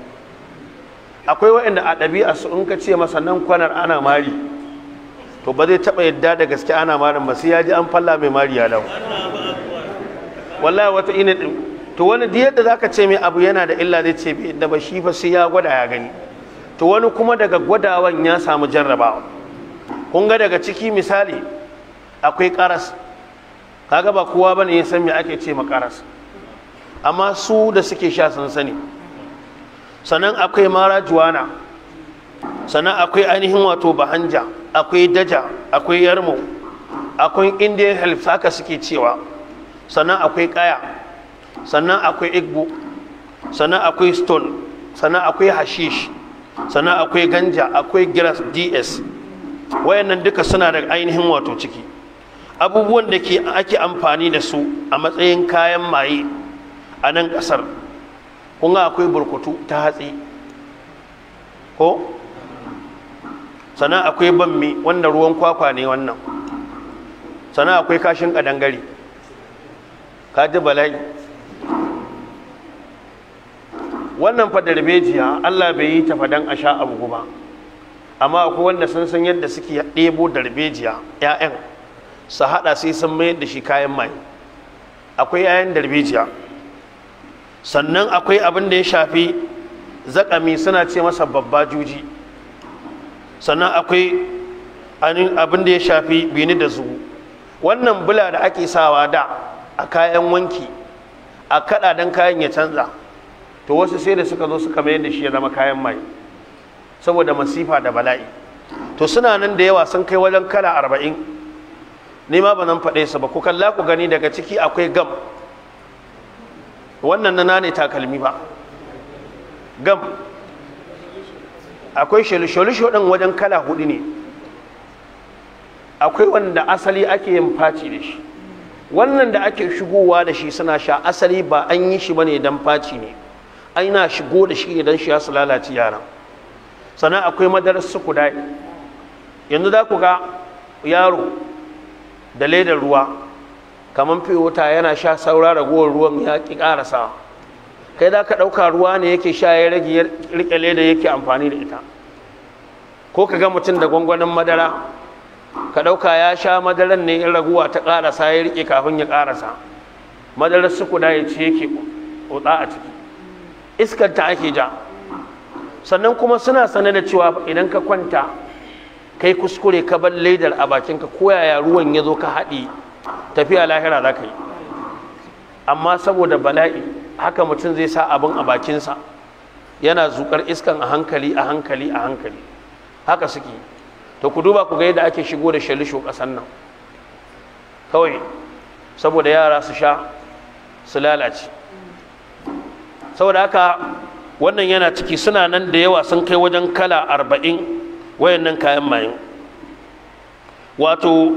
akwai waɗanda a ɗabi'a su in ka ce masa nan kwanar ana mari to ba zai taba yadda da gaske ana marin ba sai ya ji an falla mai Mariya lau. wallahi wata ina to wani duk yadda zaka ce mai abu yana da illa zai ce bai da ba shi ba sai ya gwada ya gani to wani kuma daga gwadawan ya samu jarrabawa kun daga ciki misali akwai karas kaga ba kowa bane ya san me ake ce ma karas amma su da suke sha sun sani sannan akwai marajuwana sannan akwai ainihin wato bahanja akwai daja akwai yarmu akwai indian health haka suke cewa sannan akwai kaya sannan akwai igbo sannan akwai stone sannan akwai hashish sannan akwai ganja akwai grass ds wayannan duka suna da ainihin wato ciki abubuwan da ke ake amfani da su a matsayin kayan maye a nan ƙasar kun akwai burkutu ta hatsi ko sannan akwai bammi wannan ruwan kwakwa ne wannan sannan akwai kashin kadangare ka ji bala'i wannan fadar mejiya allah bai yi ta fadan a sha abu ba amma akwai wanda sun san yadda suke ɗebo darbejiya 'ya'yan su haɗa sai sun mayar da shi kayan mai akwai 'ya'yan darbejiya sannan akwai abin da ya shafi zakami suna ce masa babba juji sannan akwai abin da ya shafi bini da zugu wannan bula da ake sawa da a kayan wanki a kada don kayan ya canza to wasu sai da suka zo suka mayar da shi ya zama kayan mai saboda masifa da bala'i to suna nan da yawa sun kai wajen kala arba'in ni ma ba nan faɗe su ba ku kalla ku gani daga ciki akwai gam wannan na ne takalmi ba gam akwai sholisho ɗin wajen kala hudu ne akwai wanda asali ake yin faci da shi wannan da ake shigowa da shi suna sha asali ba an yi shi bane dan faci ne aina shigo da shi idan shi ya su lalace yaran sannan akwai madarar su kudai yanzu za ku ga yaro da ledar ruwa kamar fiye wuta yana sha saura ragowar ruwan ya ƙi ƙarasa kai za ka ɗauka ruwa ne yake sha ya rage ya riƙe leda yake amfani da ita ko ka ga mutum da gwangwanin madara ka ɗauka ya sha madaran ne in raguwa ta ƙarasa ya riƙe kafin ya ƙarasa madarar da ya ce yake otsa a ciki iskar ta ake ja sannan kuma suna sane da cewa idan ka kwanta kai kuskure ka bar ledar a bakinka ko yaya ruwan ya zo ka haɗi tafiya lahira za ka yi amma saboda bala'i haka mutum zai sa abin a bakinsa yana zukar iskan a hankali a hankali a hankali haka suke to ku duba ku ga yadda ake shigo da shalisho kasan nan kawai saboda yara su sha su lalace saboda haka wannan yana ciki suna nan da yawa sun kai wajen kala arba'in wayannan kayan mayin wato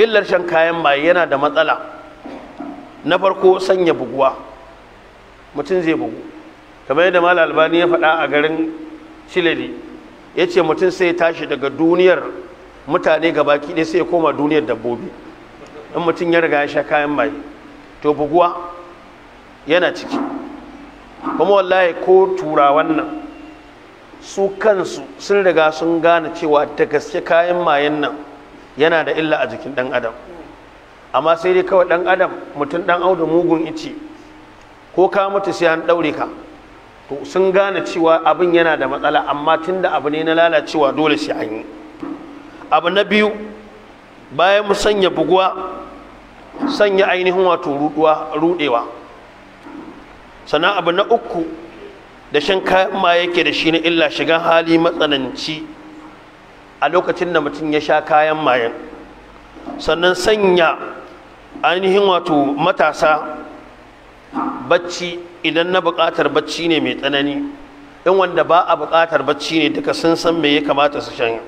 illar shan kayan maye yana da matsala na farko sanya buguwa mutum zai bugu kamar yadda mal albani ya faɗa a garin shilali ya ce mutum sai ya tashi daga duniyar mutane ga baki ɗaya sai ya koma duniyar dabbobi in mutum ya riga ya sha kayan maye to buguwa yana ciki kuma wallahi ko tura wannan su kansu sun riga sun gane cewa da gaske kayan mayen nan yana da illa a jikin ɗan adam amma sai dai kawai ɗan adam mutum ɗan Audu mugun ice ko ka mutu sai an ɗaure ka to sun gane cewa abin yana da matsala amma tunda abu ne na lalacewa dole sai an yi abu na biyu bayan mu sanya buguwa sanya ainihin wato ruduwa rudewa sannan abu na uku da shan kayan ma yake da shi na illa shiga hali matsananci a lokacin da mutum ya sha kayan mayan sannan sanya ainihin wato matasa bacci idan na buƙatar bacci ne mai tsanani in wanda ba a buƙatar bacci ne duka sun san me ya kamata su shanya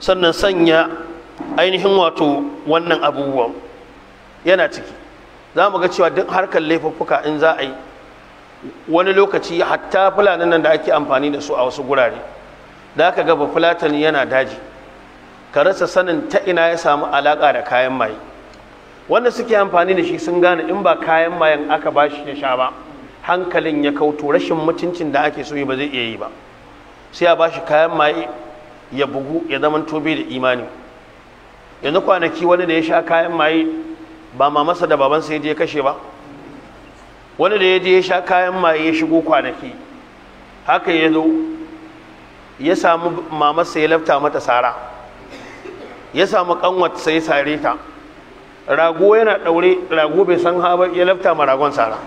sannan sanya ainihin wato wannan abubuwan yana ciki za mu ga cewa duk harkar laifuffuka in za a yi wani lokaci hatta fulanin nan da ake amfani da su a wasu gurare da aka gaba fulatan yana daji ka rasa sanin ta ina ya samu alaƙa da kayan maye wanda suke amfani da shi sun gane in ba kayan mayan aka ba shi ya sha ba hankalin ya kautu rashin mutuncin da ake so yi ba zai iya yi ba sai ya ba shi kayan maye ya bugu ya zama tobe da imani yanzu kwanaki wani da ya sha kayan maye ba mamansa da babansa ya kashe ba wani da ya je ya sha kayan maye ya shigo kwanaki haka ya zo ya samu mamarsa ya lafta mata sara ya samu kanwarsa ya sare ta rago yana daure rago bai san ha ya lafta ma ragon sara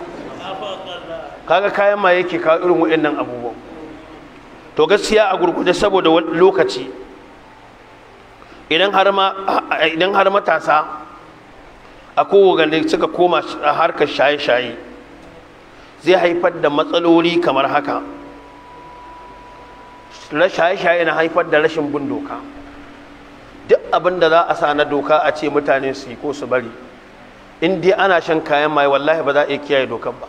kaga kayan ma yake kawo irin waɗannan abubuwan to gaskiya a gurguje saboda lokaci idan har matasa a kowane suka koma harkar shaye-shaye zai haifar da matsaloli kamar haka shaye-shaye na haifar da rashin bin doka duk abin da za a sa na doka a ce mutane su yi ko su bari in dai ana shan kayan maye wallahi ba za a kiyaye dokar ba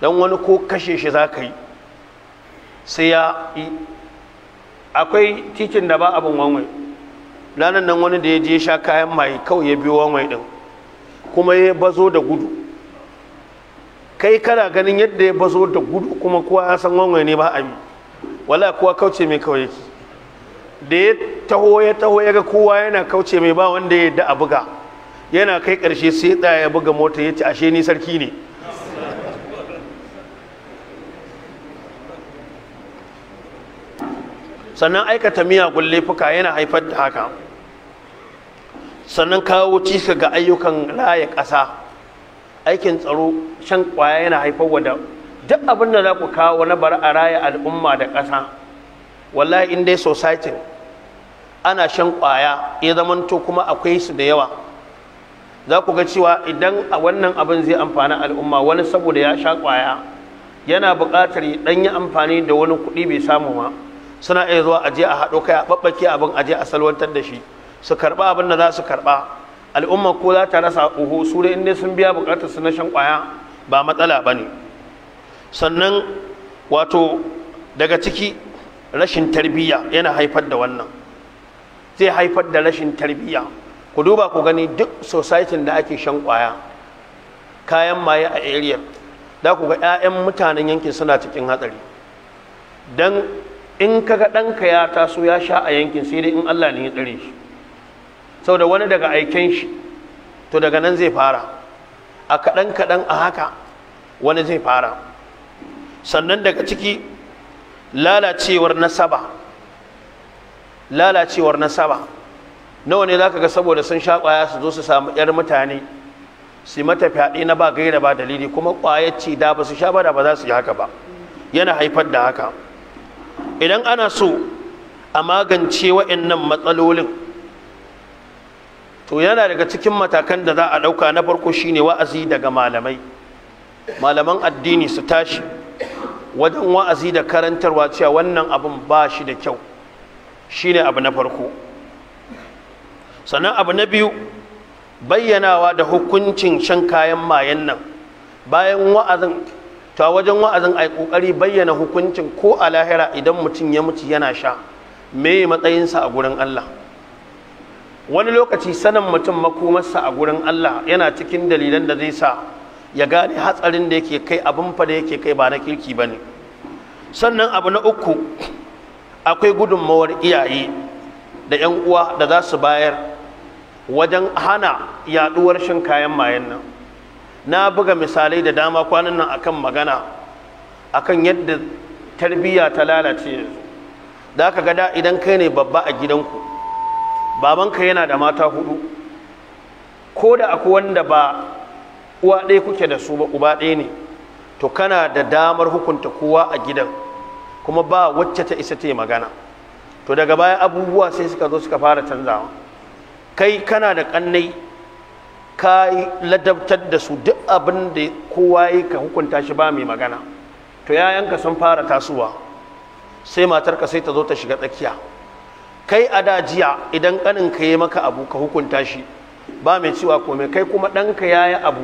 don wani ko kashe shi za ka yi sai ya yi akwai titin da ba abin wanwai ranar nan wani da ya je sha kayan maye kawai ya biyo wanwai din kuma ya bazo da gudu kai kana ganin yadda ya bazo da gudu kuma kowa ya san wanwai ne ba a yi wala kowa kauce mai kawai yake da ya taho ya taho ya ga kowa yana kauce mai ba wanda ya da a buga yana kai ƙarshe sai tsaya ya buga mota ya ce ashe ni sarki ne sannan aikata miyagun laifuka yana haifar da haka sannan kawo cika ga ayyukan laye ƙasa aikin tsaro shan kwaya yana haifar da duk abin da za ku kawo na bar a raya al'umma da ƙasa wallahi in dai society ana shan kwaya ya zamanto kuma akwai su da yawa za ku ga cewa idan a wannan abin zai amfani al'umma wani saboda ya sha kwaya yana buƙatar dan yi amfani da wani kuɗi bai samu ma suna iya zuwa aje a haɗo kai a babbake abin aje a salwantar da shi su karɓa abin da za su karɓa al'umma ko za ta rasa uhu su da inda sun biya buƙatar su na shan kwaya ba matsala ba ne sannan wato daga ciki rashin tarbiyya yana haifar da wannan zai haifar da rashin tarbiyya ku duba ku gani duk societin da ake shan kwaya kayan maye a area da ku ga 'ya'yan mutanen yankin suna cikin hatsari dan in kaga ɗanka ya taso ya sha a yankin sai dai in Allah ne ya tsare shi sau da wani daga aiken shi to daga nan zai fara a kaɗan kaɗan a haka wani zai fara sannan daga ciki lalacewar nasaba lalacewar nasaba nawa ne zaka ga saboda sun sha kwaya su zo su samu yar mutane su mata fyaɗe na ba gaira ba dalili kuma kwayar ce da ba su sha ba da ba za su yi haka ba yana haifar da haka idan ana so a magance wa'annan matsalolin to yana daga cikin matakan da za a ɗauka na farko shine wa'azi daga malamai malaman addini su tashi wajen wa'azi da karantarwa cewa wannan abun ba shi da kyau shine abu na farko sannan abu na biyu bayyanawa da hukuncin shan kayan mayan nan bayan wa'azin ta wajen wa'azin ai kokari bayyana hukuncin ko a lahira idan mutum ya mutu yana sha me matsayinsa a gurin Allah wani lokaci sanin mutum makomarsa a gurin Allah yana cikin dalilan da zai sa ya gane hatsarin da yake kai abin fa da yake kai ba na kirki ba ne sannan abu na uku akwai gudunmawar iyaye da 'yan uwa da za su bayar wajen hana yaduwar shan kayan mayan nan na buga misalai da dama kwanan nan akan magana akan yadda tarbiyya ta lalace yanzu da aka gada idan kai ne babba a gidanku babanka yana da mata hudu ko da aku wanda ba uwa ɗaya kuke da su ba uba ɗaya ne to kana da damar hukunta kowa a gidan kuma ba wacce ta isa ta yi magana to daga baya abubuwa sai suka zo suka fara canzawa kai kana da kannai ka ladabtar da su duk abin da kowa yi ka hukunta shi ba mai magana to yayanka sun fara tasowa sai matarka sai ta zo ta shiga tsakiya kai a da jiya idan kanin ka yi maka abu ka hukunta shi ba mai cewa komai kai kuma ɗanka ya yi abu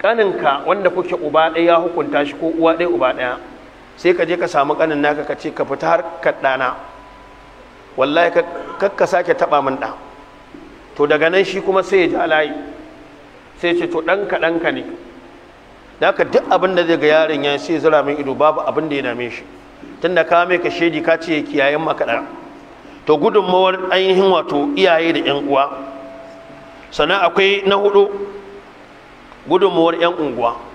ƙaninka wanda kuke uba ɗaya ya hukunta shi ko uwa ɗaya uba ɗaya sai ka je ka samu kanin naka ka ce ka fita har ka ɗana wallahi ka ka sake taba min ɗa to daga nan shi kuma sai ya ji alayi sai ce to ɗanka ɗanka ne da duk abin da zai ga yaron ya sai zura min ido babu abin da ya name shi tunda ka mai ka shedi ka ce kiyayen maka ɗa to gudunmawar ainihin wato iyaye da 'yan uwa sannan akwai na hudu gudunmawar 'yan unguwa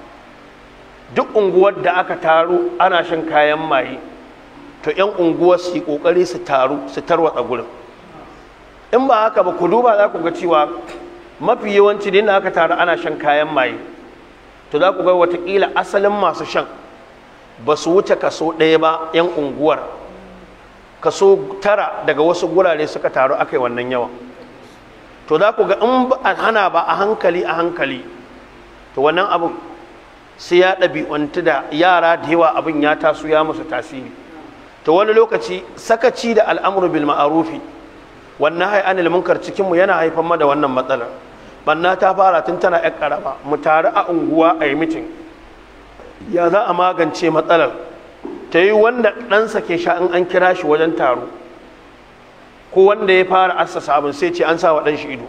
duk unguwar da aka taru ana shan kayan maye to 'yan unguwar su yi kokari su taru su tarwatsa gurin in ba haka ba ku duba za ku ga cewa mafi yawanci da na aka taru ana shan kayan maye to za ku ga watakila asalin masu shan ba su wuce kaso ɗaya ba 'yan unguwar kaso tara daga wasu gurare suka taru aka yi wannan yawa. to za ku ga in ba hana ba a hankali a hankali to wannan abu sai ya ɗabi'antu da yara da yawa abin ya taso ya musu tasiri Ta wani lokaci sakaci da al'amuru bil ma'arufi wannan hai anil munkar cikin mu yana haifar ma da wannan matsalar banna ta fara tun tana yan karama mu tare a unguwa a yi mitin ya za a magance matsalar ta yi wanda ɗansa ke sha in an kira shi wajen taro ko wanda ya fara assasa abin sai ce an sa wa ɗan shi ido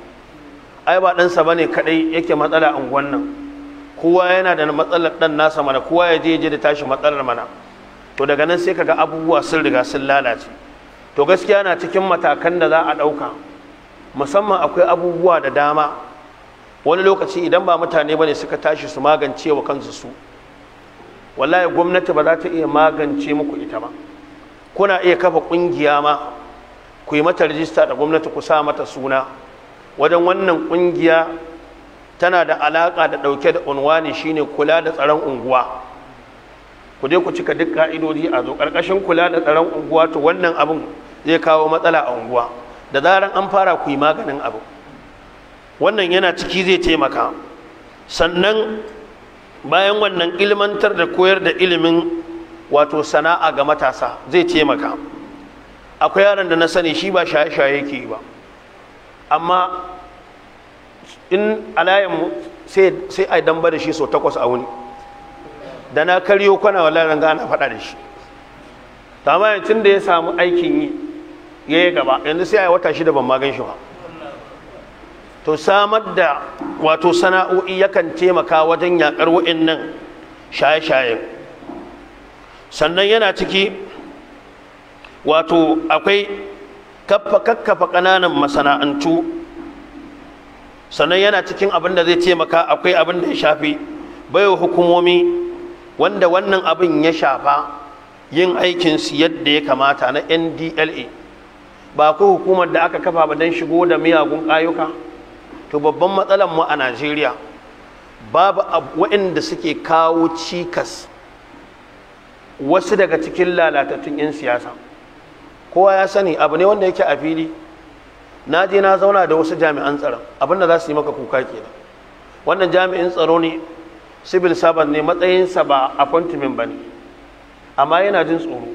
ai ba ɗansa ba ne kaɗai yake matsala unguwan nan kowa yana da matsalar dan nasa mana kowa ya je je da tashi matsalar mana to daga nan sai kaga abubuwa sun riga sun lalace to gaskiya na cikin matakan da za a ɗauka musamman akwai abubuwa da dama wani lokaci idan ba mutane ne suka tashi su magance wa kansu su wallahi gwamnati ba za ta iya magance muku ita ba kuna iya kafa ƙungiya ma ku yi mata rijista da gwamnati ku sa mata suna wajen wannan ƙungiya tana da alaƙa da ɗauke da unwani shine kula da tsaron unguwa ku je ku cika duk ka'idoji a zo ƙarƙashin kula da tsaron unguwa to wannan abin zai kawo matsala a unguwa da zaran an fara ku yi maganin abu wannan yana ciki zai taimaka sannan bayan wannan ilmantar da koyar da ilimin wato sana'a ga matasa zai taimaka akwai yaron da na sani shi ba shaye-shaye yake ba amma in alayan mu sai a damba da shi so takwas a wuni da na karyo kwana wallahi ranga ana faɗa da shi ma tun da ya samu aikin yi ya yi gaba yanzu sai a wata shida ban magan shi ba to samar da wato sana'o'i yakan taimaka wajen yaƙar wa'innan shaye shaye sannan yana ciki wato akwai kakkafa ƙananan masana'antu sannan yana cikin abin da zai taimaka akwai abin da ya shafi baiwa hukumomi wanda wannan abin ya shafa yin aikin su yadda ya kamata na ndla ba ku hukumar da aka kafa ba don shigo da miyagun ƙayuka to babban matsalar mu a najeriya babu waɗanda suke kawo cikas wasu daga cikin lalatattun 'yan siyasa kowa ya sani abu ne wanda yake a fili na je na zauna da wasu jami'an tsaron abin da za su yi maka kuka kenan wannan jami'in tsaro ne civil servant ne matsayinsa ba appointment ba ne amma yana jin tsoro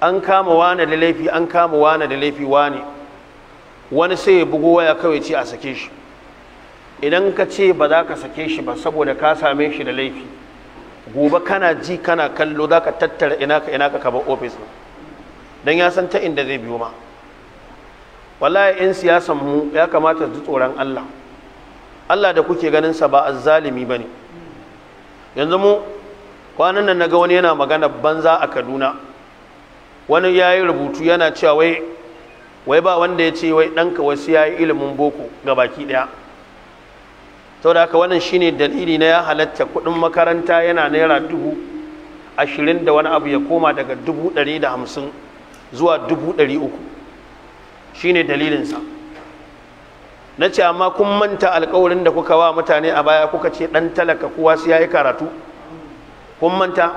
an kama wane da laifi an kama wane da laifi wane wani sai ya bugo waya kawai ce a sake shi idan ka ce ba za ka sake shi ba saboda ka same shi da laifi gobe kana ji kana kallo za ka tattara ina ka ina ka kaba ofis don ya san ta inda zai biyo ma wallahi 'yan siyasan mu ya kamata su tsoron Allah Allah da kuke ganin sa ba azzalimi bane yanzu mu kwanan nan naga wani yana magana banza a Kaduna wani yayi rubutu yana cewa wai wai ba wanda ya ce wai ɗanka wasu yayi ilimin boko ga baki ɗaya saboda haka wannan shine dalili na ya halatta kuɗin makaranta yana naira dubu ashirin da wani abu ya koma daga dubu ɗari da hamsin zuwa dubu ɗari uku shine dalilinsa na ce amma kun manta alkawarin da kuka wa mutane a baya kuka ce ɗan talaka kowa ya yayi karatu kun manta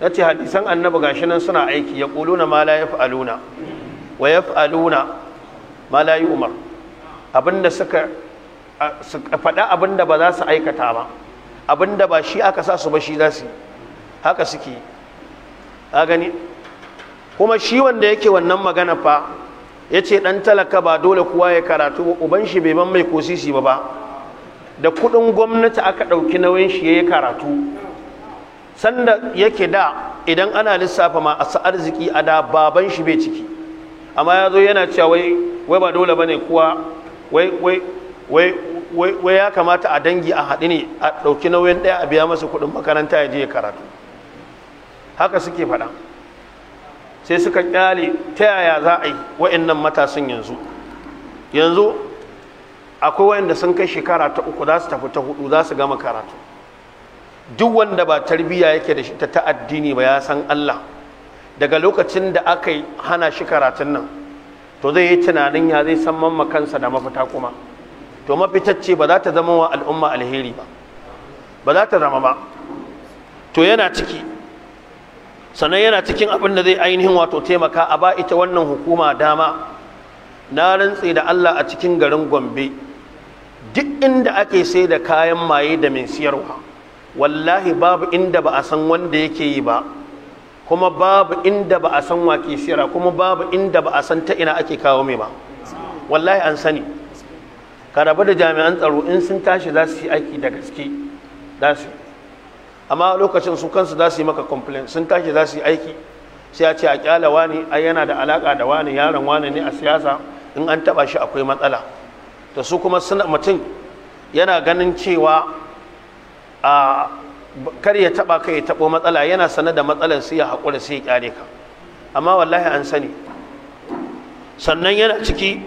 na ce hadisan annabi gashi nan suna aiki ya ƙuluna ma la yaf'aluna wa yaf'aluna ma la yu'mar abinda suka faɗa abinda ba za su aikata ba abinda ba shi aka sa su ba shi za su haka suke a gani kuma shi wanda yake wannan magana fa ya ce ɗan talaka ba dole kuwa ya karatu ba uban shi bai ban mai kosisi ba ba da kuɗin gwamnati aka ɗauki nauyin shi ya yi karatu sanda yake da idan ana lissafa ma sa arziki a da baban shi bai ciki amma ya zo yana cewa wai ba dole bane kuwa wai ya kamata a dangi a haɗi ne a ɗauki nauyin ɗaya a biya masa kuɗin makaranta ya je ya karatu haka suke faɗa sai suka kyale ta yaya za a yi wa'annan matasan yanzu yanzu akwai wanda sun kai shekara ta uku za su tafi ta hudu za su gama karatu duk wanda ba tarbiyya yake da shi ta ta addini ba ya san Allah daga lokacin da aka yi hana shi karatun nan to zai yi tunanin ya zai san mamma kansa da mafita kuma to mafitacce ba za ta zama wa al'umma alheri ba ba za ta zama ba to yana ciki sannan yana cikin abin da zai ainihin wato taimaka a ba ita wannan hukuma dama na rantse da Allah a cikin garin Gombe duk inda ake sai da kayan maye da min siyarwa wallahi babu inda ba a san wanda yake yi ba kuma babu inda ba a san wake siyarwa kuma babu inda ba a san ta ina ake kawo mai ba wallahi an sani ka da jami'an tsaro in sun tashi za su yi aiki da gaske za su amma lokacin su kansu za su yi maka complain sun tashi za su yi aiki sai a ce a kyala wani ai yana da alaka da wani yaron wani ne a siyasa in an taba shi akwai matsala to su kuma suna mutum yana ganin cewa a kar ya taba kai ya tabo matsala yana sanar da matsalar sai ya haƙura sai ya kyale ka amma wallahi an sani sannan yana ciki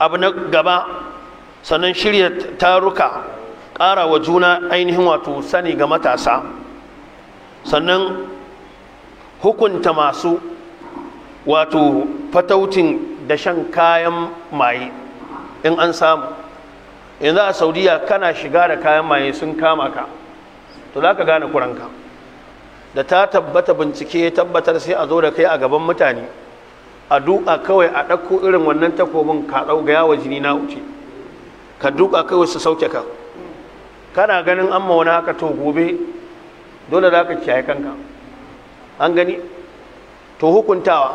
abu na gaba sannan shirya taruka ƙara wa juna ainihin wato sani ga matasa sannan hukunta masu wato fatautin da shan kayan maye in an samu yanzu a saudiya kana shiga da kayan maye sun kama ka to za ka gane kuranka da ta tabbata bincike tabbatar sai a zo da kai a gaban mutane a duka kawai a ɗauko irin wannan takobin ka ɗau ga jini na wuce ka duka kawai su sauke ka kana ganin an wani haka to gobe dole za ka kiyaye kanka an gani to hukuntawa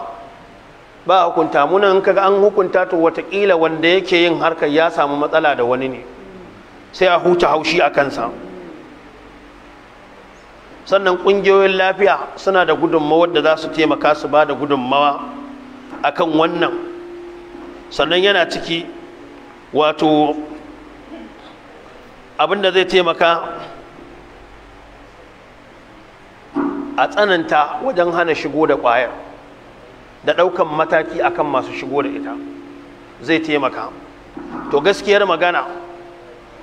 ba hukunta muna in kaga an hukunta to watakila wanda yake yin harkar ya samu matsala da wani ne sai a huta haushi a kansa sannan ƙungiyoyin lafiya suna da gudunmawar da za su taimaka su ba da gudunmawa a kan wannan sannan yana ciki wato Abin da zai taimaka a tsananta wajen hana shigo da ƙwayar da ɗaukan mataki akan masu shigo da ita zai taimaka to gaskiyar magana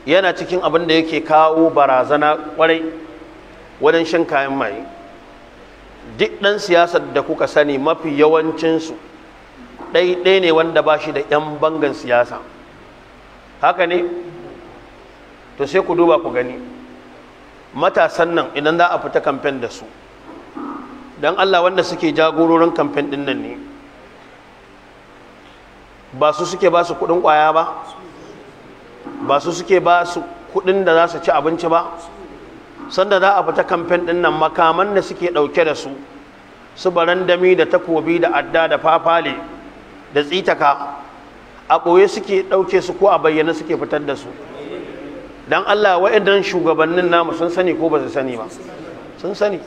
yana cikin abin da yake kawo barazana ƙwarai wajen shan kayan maye duk ɗan siyasar da kuka sani mafi yawancinsu ɗaiɗai ne wanda ba shi da 'yan bangan siyasa haka ne to sai ku duba ku gani matasan nan idan za a fita kamfen da su don allah wanda suke jagororin kamfen din nan ne ba su suke ba su kudin kwaya ba ba su suke ba su kudin da za su ci abinci ba sanda za a fita kamfen din nan makaman da suke dauke da su su barandami da takobi da adda da fafale da tsitaka a ɓoye suke dauke su ko a bayyana suke fitar da su dan Allah idan shugabannin namu sun sani ko ba su sani ba sun sani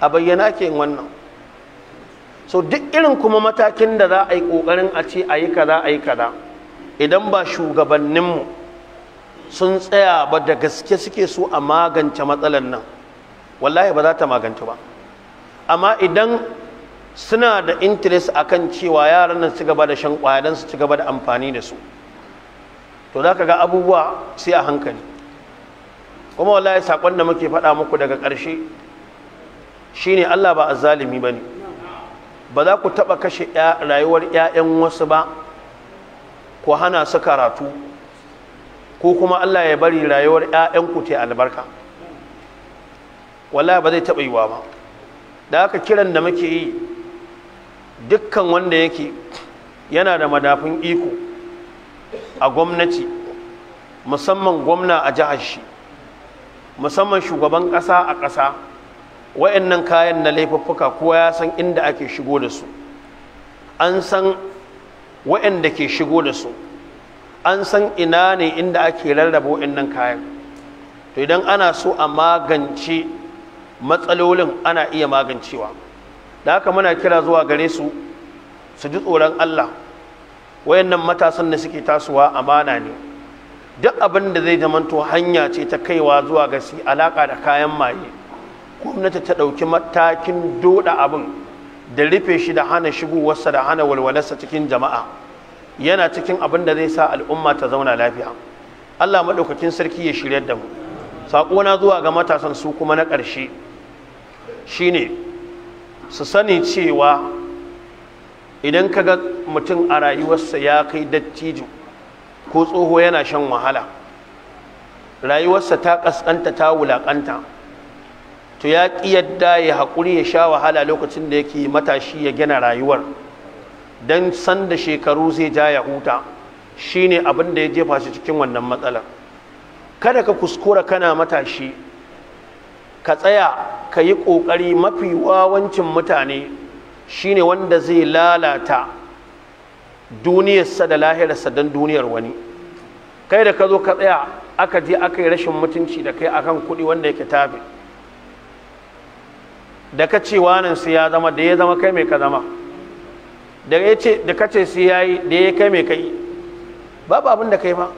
a bayyana ke wannan so duk irin kuma matakin da za a yi ƙoƙarin a ce a yi kaza a yi kaza idan ba shugabannin mu sun tsaya ba da gaske suke so a magance matsalar nan wallahi ba za ta magance ba amma idan suna da interest akan cewa yaran nan su gaba da shan ƙwaya don su ci gaba da amfani da su to za ka ga abubuwa sai a hankali kuma wallahi sakon da muke faɗa muku daga ƙarshe shine Allah ba a zalimi ba ne. Ba za ku taɓa kashe rayuwar 'ya'yan wasu ba ku hana su karatu ko kuma Allah ya bari rayuwar 'ya'yanku ta albarka wallahi ba zai taɓa yiwa ba da aka kiran da muke yi dukkan wanda yake yana da madafin iko a gwamnati musamman gwamna a jihar shi musamman shugaban ƙasa a ƙasa wa'annan kayan na laifuffuka kowa ya san inda ake shigo da su an san wa'anda ke shigo da su an san ina ne inda ake rarraba wa'annan kayan to idan ana so a magance matsalolin ana iya magancewa da haka muna kira zuwa gare su su ji tsoron Allah wayannan matasan da suke tasowa amana ne duk abin da zai zamanto hanya ce ta kaiwa zuwa ga si alaka da kayan maye gwamnati ta ɗauki matakin doda abin da rufe shi da hana shigowarsa da hana walwalarsa cikin jama'a yana cikin abin da zai sa al'umma ta zauna lafiya Allah maɗaukakin sarki ya shiryar da mu saƙona zuwa ga matasan su kuma na ƙarshe shine su sani cewa idan ka ga mutum a rayuwarsa ya kai dattijo ko tsoho yana shan wahala rayuwarsa ta ƙasƙanta ta wulaƙanta, to ya ƙi yadda ya haƙuri ya sha wahala lokacin da yake matashi ya gina rayuwar don san da shekaru zai ja ya huta shine abin da ya jefa shi cikin wannan matsalar kada ka kuskura kana matashi ka tsaya ka yi ƙoƙari mafi wawancin mutane shine wanda zai lalata duniyarsa da lahirarsa don duniyar wani kai da ka zo ka tsaya aka je aka yi rashin mutunci da kai akan kuɗi wanda yake tafi da ka ce wanan su ya zama da ya zama kai mai ka zama da ya ce da ka ce su yi da ya kai mai kai babu abin da kai ma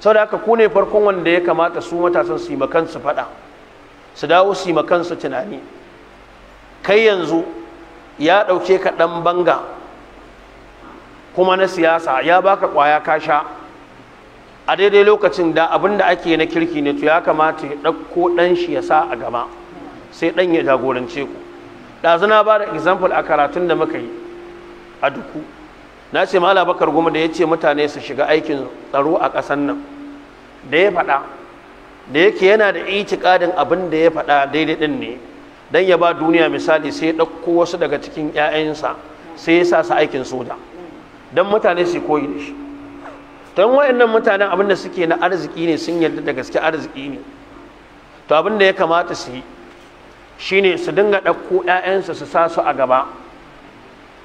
sau haka aka ne farkon wanda ya kamata su matasan su yi makansu faɗa su dawo su yi makansu tunani kai yanzu ya ɗauke ka ɗan banga kuma na siyasa ya baka ƙwaya ka sha a daidai lokacin da abin da ake na kirki ne to ya kamata ya ɗauko ɗan shi ya sa a gaba sai ɗan ya jagorance ku ɗazuna ba da example a karatun da muka yi a duku na ce ma bakar goma da ya ce mutane su shiga aikin tsaro a ƙasan nan da ya faɗa da yake yana da itikadin abin da ya faɗa daidai ɗin ne dan ya ba duniya misali sai ya ɗauko wasu daga cikin 'ya'yansa sai ya sa su aikin soja dan mutane su koyi da shi don wayannan mutanen abin da suke na arziki ne sun yarda da gaske arziki ne to abin da ya kamata su yi shine su dinga ɗauko 'ya'yansa su sa su a gaba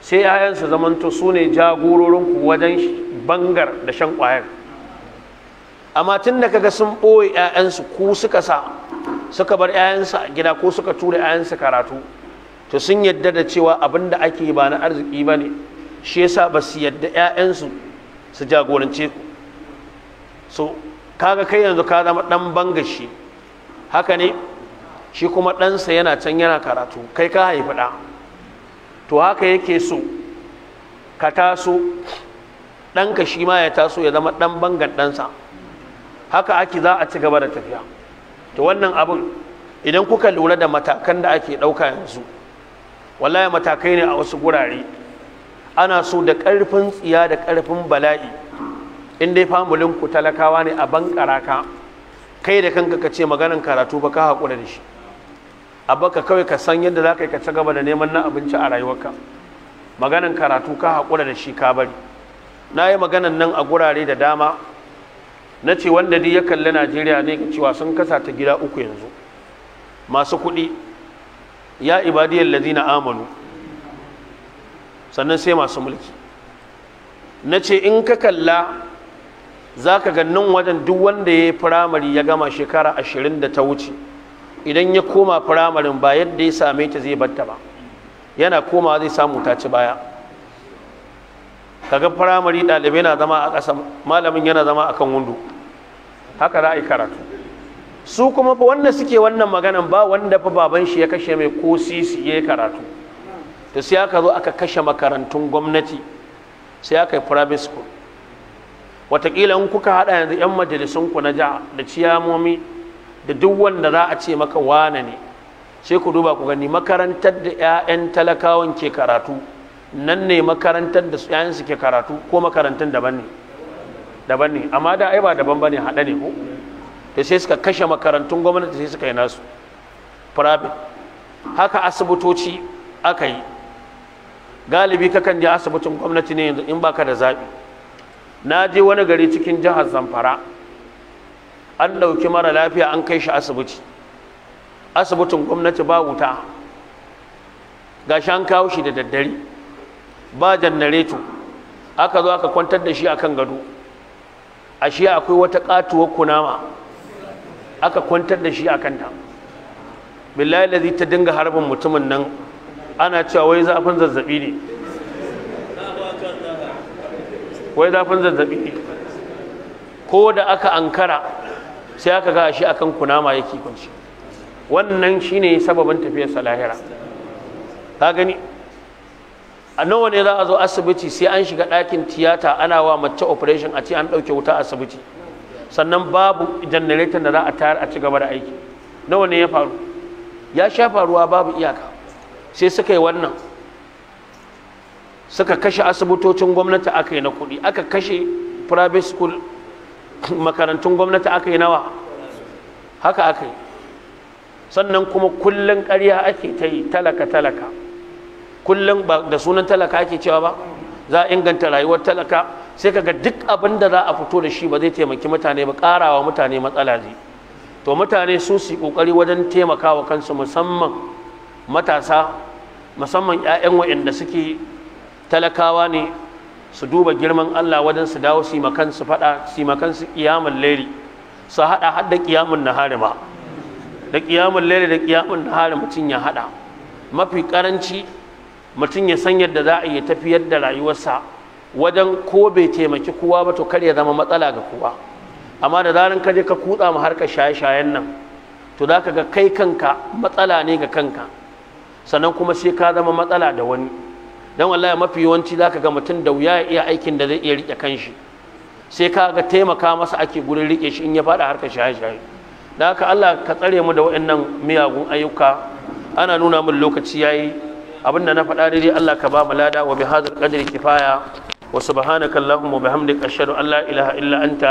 sai 'ya'yansa zamanto su ne jagororin wajen bangar da shan ƙwayar amma tun da kaga sun ɓoye 'ya'yansu ku suka sa suka bar 'ya'yansa a gida ko suka tura yayansa karatu to sun yadda da cewa abin da ake ba na arziki ba ne shi yasa ba su yadda 'ya'yansu su jagorance ku so kaga kai yanzu ka zama dan bangashi haka ne shi kuma ɗansa yana can yana karatu kai ka haifi ɗa to haka yake so ka taso ɗanka shi ma ya taso ya zama ɗan bangan ɗansa haka ake za a ci gaba da tafiya to wannan abin idan kuka lura da matakan da ake ɗauka yanzu wallahi matakai ne a wasu gurare ana so da ƙarfin tsiya da ƙarfin bala'i in dai famulin ku talakawa ne a bankara ka kai da kanka ka ce maganan karatu ba ka haƙura da shi abba ka kawai ka san yadda za ka yi ka ci gaba da neman na abinci a rayuwarka maganan karatu ka haƙura da shi ka bari na yi maganan nan a gurare da dama na ce wanda dai ya kalli najeriya ne cewa sun kasa ta gida uku yanzu masu kuɗi ya ibadiyar lazina amanu sannan sai masu mulki na ce in ka kalla za ka gannin wajen duk wanda ya yi firamare ya gama shekara ashirin da ta wuce idan ya koma firamarin ba yadda ya same ta zai batta ba yana koma zai samu ta ci baya kaga firamare ɗalibai na zama a ƙasa malamin yana zama a kan wundu haka za a yi karatu su kuma fa wanda suke wannan maganan ba wanda fa baban shi ya kashe mai ko sisi ya yi karatu to sai aka zo aka kashe makarantun gwamnati sai aka yi private school wataƙila in kuka haɗa yanzu 'yan majalisun ku na jiha da ciyamomi da duk wanda za a ce maka wane ne sai ku duba ku gani makarantar da 'ya'yan talakawan ke karatu nan ne makarantar da su yayin suke karatu ko makarantar daban ne daban ne amma da ai ba daban bane hada ne ko to sai suka kashe makarantun gwamnati sai suka yi nasu private haka asibitoci aka yi galibi kakan je asibitin gwamnati ne yanzu in baka da zabi na je wani gari cikin jihar Zamfara an ɗauki mara lafiya an kai shi asibiti asibitin gwamnati ba wuta gashi an kawo shi da daddare ba jannareto aka zo aka kwantar da shi akan gado A shi akwai wata katuwar kunama aka kwantar da shi akan ta billahi lazi ta dinga harbin mutumin nan ana cewa wai zafin zazzabi ne wai zafin zazzabi ne ko da aka ankara sai aka ga shi akan kunama yake kunshi wannan shine sababin tafiyar salahira ka gani a nawa ne za a zo asibiti sai an shiga ɗakin tiyata ana wa mace operation a ce an ɗauke wuta asibiti sannan babu janareton da za a tayar a ci gaba da aiki nawa ne ya faru ya sha faruwa babu iyaka sai suka yi wannan suka kashe asibitocin gwamnati aka yi na kuɗi aka kashe private school makarantun gwamnati aka yi nawa haka aka yi sannan kuma kullum ƙarya ake ta yi talaka talaka kullum ba da sunan talaka ake cewa ba za a inganta rayuwar talaka sai kaga duk abin da za a fito da shi ba zai taimaki mutane ba karawa mutane matsala ne to mutane su su kokari wajen taimakawa kansu musamman matasa musamman 'ya'yan wa'anda suke talakawa ne su duba girman Allah wajen su dawo su makan su fada su makan su kiyamul laili su hada hadda kiyamun nahari ma da kiyamul laili da kiyamun nahari mutum ya hada mafi karanci mutum ya san yadda za a yi tafiyar da rayuwarsa wajen ko bai taimaki kowa ba to kar ya zama matsala ga kowa amma da zaran ka je ka kutsa mu harkar shaye-shayen nan to za ka ga kai kanka matsala ne ga kanka sannan kuma sai ka zama matsala da wani don wallahi mafi yawanci za ka ga mutum da wuya ya iya aikin da zai iya riƙe kanshi sai ka ga taimaka masa ake gurin riƙe shi in ya faɗa harka shaye-shaye da haka Allah ka tsare mu da waɗannan miyagun ayyuka ana nuna min lokaci yayi أبنا نفعل أريدي الله كبام لادا وبهذا القدر كفاية وسبحانك اللهم وبحمدك أشهد أن لا إله إلا أنت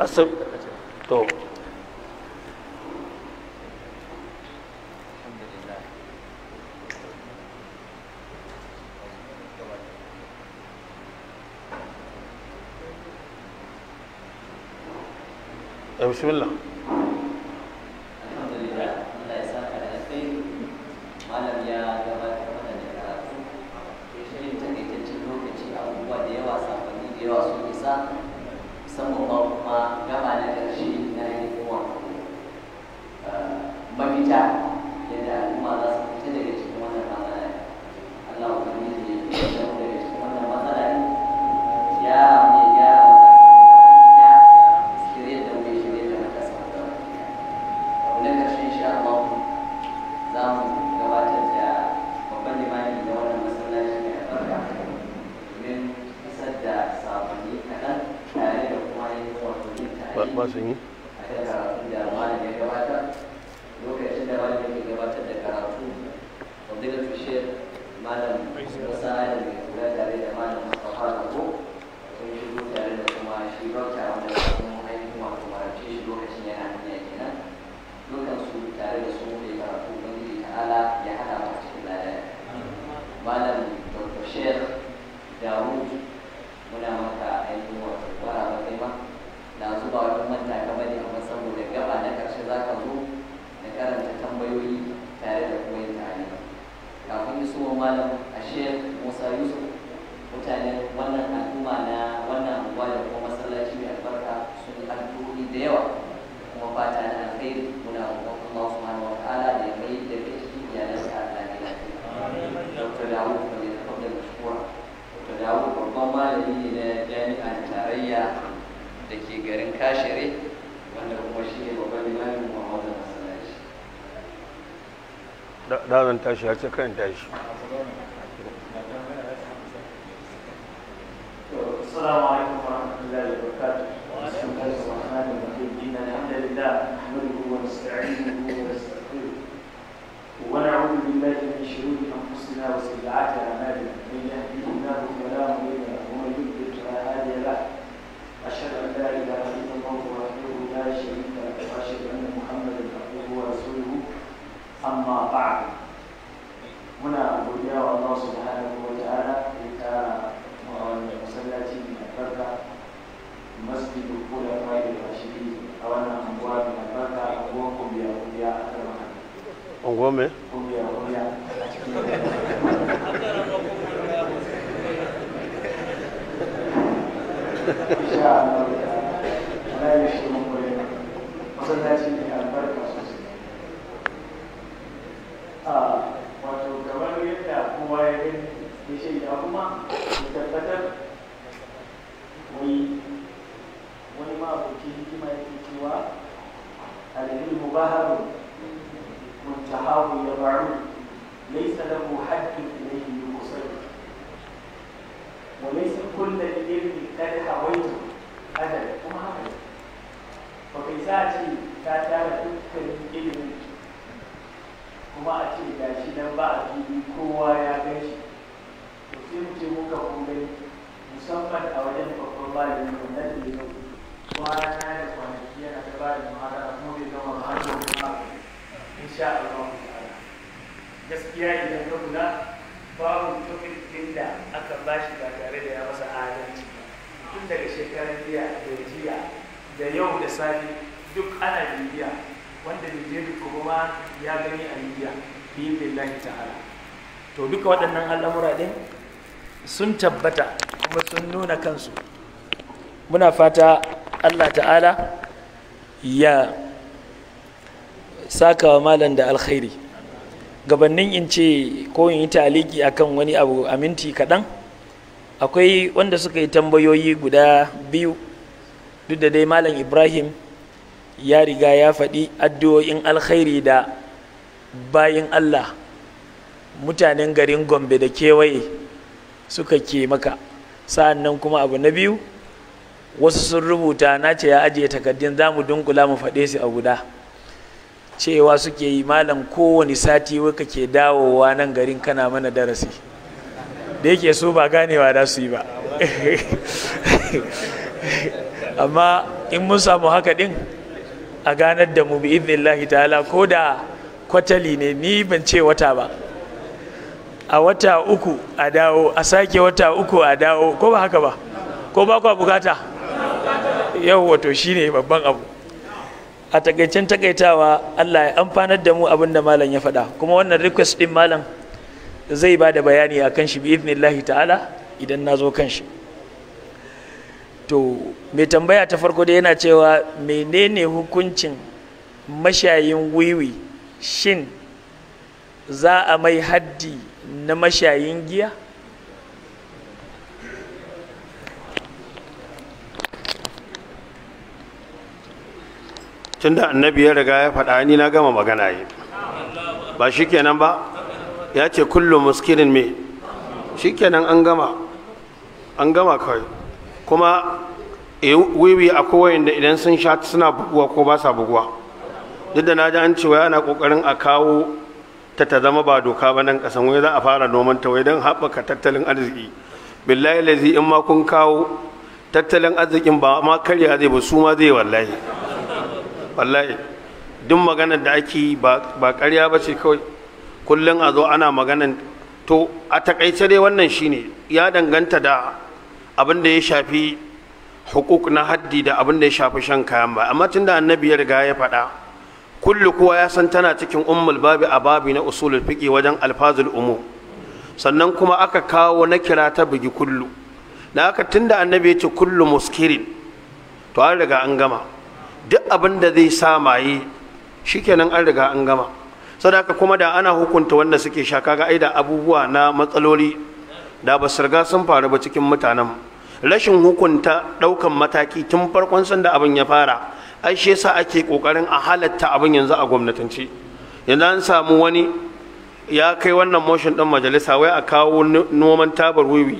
أصب تو بسم الله using karanta shi har ta karanta shi السلام عليكم ورحمة الله وبركاته. بسم الله الرحمن الرحيم. إن الحمد لله نحمده ونستعينه ونستغفره. ونعوذ بالله من شرور أنفسنا وسيئات أعمالنا. من يهده الله فلا مضل له ومن يضلل فلا هادي له. أشهد أن لا إله إلا الله وحده لا شريك له وأشهد أن محمدا عبده ورسوله. أما بعد muna godiya wa Allah subhanahu wa ta'ala da ta mu a wannan masallaci mai albarka masjidu kula kai da rashidi a wannan anguwa mai albarka anguwa kubiya kubiya a kan mahal anguwa me kubiya kubiya a cikin insha Allah ta'ala shaida kuma ya tabbatar wai wani ma abokin hikima yake cewa alilmu baharu muntahahu ya baru mai laisa lahu haddun ilayhi yuqsad Wani sun kulle ilmi qad hawaitu adal kuma haka ba kai sa ce ta tara dukkan ilimin kuma a ce gashi nan ba a fili kowa ya gan shi to sai ce muka kungai musamman a wajen babban malami mu na lilo kwana da kwanaki yana ta ba da muhara kuma bai gama ba har da in sha Allah ta'ala gaskiya idan ka kula babu topic din da aka bashi ba tare da ya masa adalci tun daga shekaran jiya da jiya da yau da safe duk ana bibiya wanda bibiya kuma ya gani a bibiya biyin billahi ta'ala to duka waɗannan al'amura ɗin sun tabbata kuma sun nuna kansu muna fata Allah ta'ala ya sakawa wa malam da alkhairi Gabanin in ce ko in yi taliki akan wani abu a minti kaɗan akwai wanda suka yi tambayoyi guda biyu duk da dai malam ibrahim ya riga ya faɗi addu'o'in alkhairi da bayin allah mutanen garin gombe da kewaye suka ke maka sa'an nan kuma abu na biyu wasu sun rubuta na ce ya ajiye takardun za mu dunkula mu faɗe su a guda cewa suke yi malam kowane sati waka ke dawowa nan garin kana mana darasi da yake so ba ganewa da su yi ba amma in mun samu haka ɗin a ganar da mu bi idnillahi ta'ala ko da kwatali ne ni ban ce wata ba a wata uku a dawo a sake wata uku a dawo ko ba haka ba ko ba kwa bukata yau wato shine babban abu a takaicen takaitawa Allah ya amfanar da mu abin da malam ya faɗa kuma wannan request din malam zai ba da bayani a kan shi bi ta'ala idan na zo kan shi to mai tambaya ta farko da yana cewa menene hukuncin mashayin wiwi shin za a mai haddi na mashayin giya tunda annabi ya riga ya faɗa ni na gama magana yi ba shi ba ya ce kullum muskirin me shi an gama an gama kawai kuma eh, wiwi a kowayen da idan sun sha suna buguwa ko ba sa buguwa duk da na ji an cewa yana kokarin a kawo ta ta zama ba doka ba nan kasan wai za a fara noman ta wai don haɓaka tattalin arziki billahi lazi in ma kun kawo tattalin arzikin ba ma karya zai ba su ma zai wallahi wallahi duk maganar da ake ba karya ba ce kawai kullum a zo ana maganar to a takaice dai wannan shine ya danganta da abin da ya shafi hukuk na haddi da abin da ya shafi shan kayan ba amma tun da annabi ya riga ya faɗa kullu kuwa ya san tana cikin ummul babi a babi na usulul fiqi wajen alfazul umu sannan kuma aka kawo na kira ta bugi kullu na aka tunda annabi ya ce kullu muskirin to an riga an gama duk abin da zai sa maye shikenan an riga an gama sadaka kuma da ana hukunta wanda suke sha kaga aida abubuwa na matsaloli da ba riga sun faru ba cikin mutanen rashin hukunta daukan mataki tun farkon sanda abin ya fara ai shi yasa ake kokarin a halatta abin yanzu a gwamnatance yanzu an samu wani ya kai wannan motion din majalisa wai a kawo noman tabar wiwi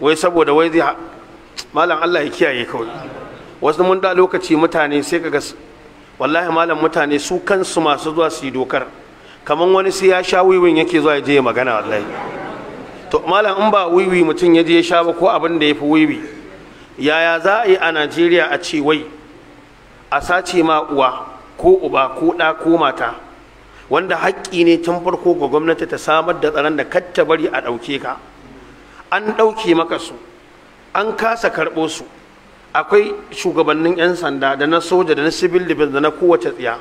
wai saboda wai zai malam Allah ya kiyaye kawai wasu mun da lokaci mutane sai kaga wallahi malam mutane su kansu masu zuwa su yi dokar kamar wani sai ya sha wiwin yake zuwa ya je magana wallahi to malam in ba wiwi mutum ya je ya sha ba ko abin da ya fi wiwi yaya za a yi a Najeriya a ce wai a sace ma uwa ko uba ko ɗa ko mata wanda haƙƙi ne tun farko ga gwamnati ta samar da tsaron da ta bari a ɗauke ka an ɗauke maka su an kasa karɓo su akwai shugabannin 'yan sanda da na soja da na civil defense da na kowace tsiya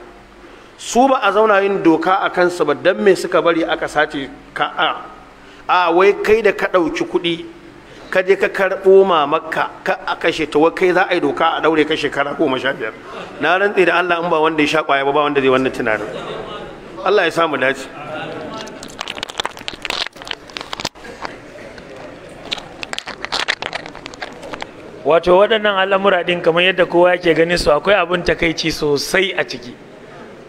su ba a zauna yin doka a kansu ba don me suka bari aka sace ka a wai kai da ka ɗauki kuɗi ka je ka karɓo mamakka ka a kashe ta wakai za a yi doka a daure ka shekara goma sha biyar na rantse da Allah in ba wanda ya sha ƙwaya ba ba wanda zai wannan tunanin Allah ya samu dace wato waɗannan al'amura ɗin kamar yadda kowa yake ganin su akwai abin takaici sosai a ciki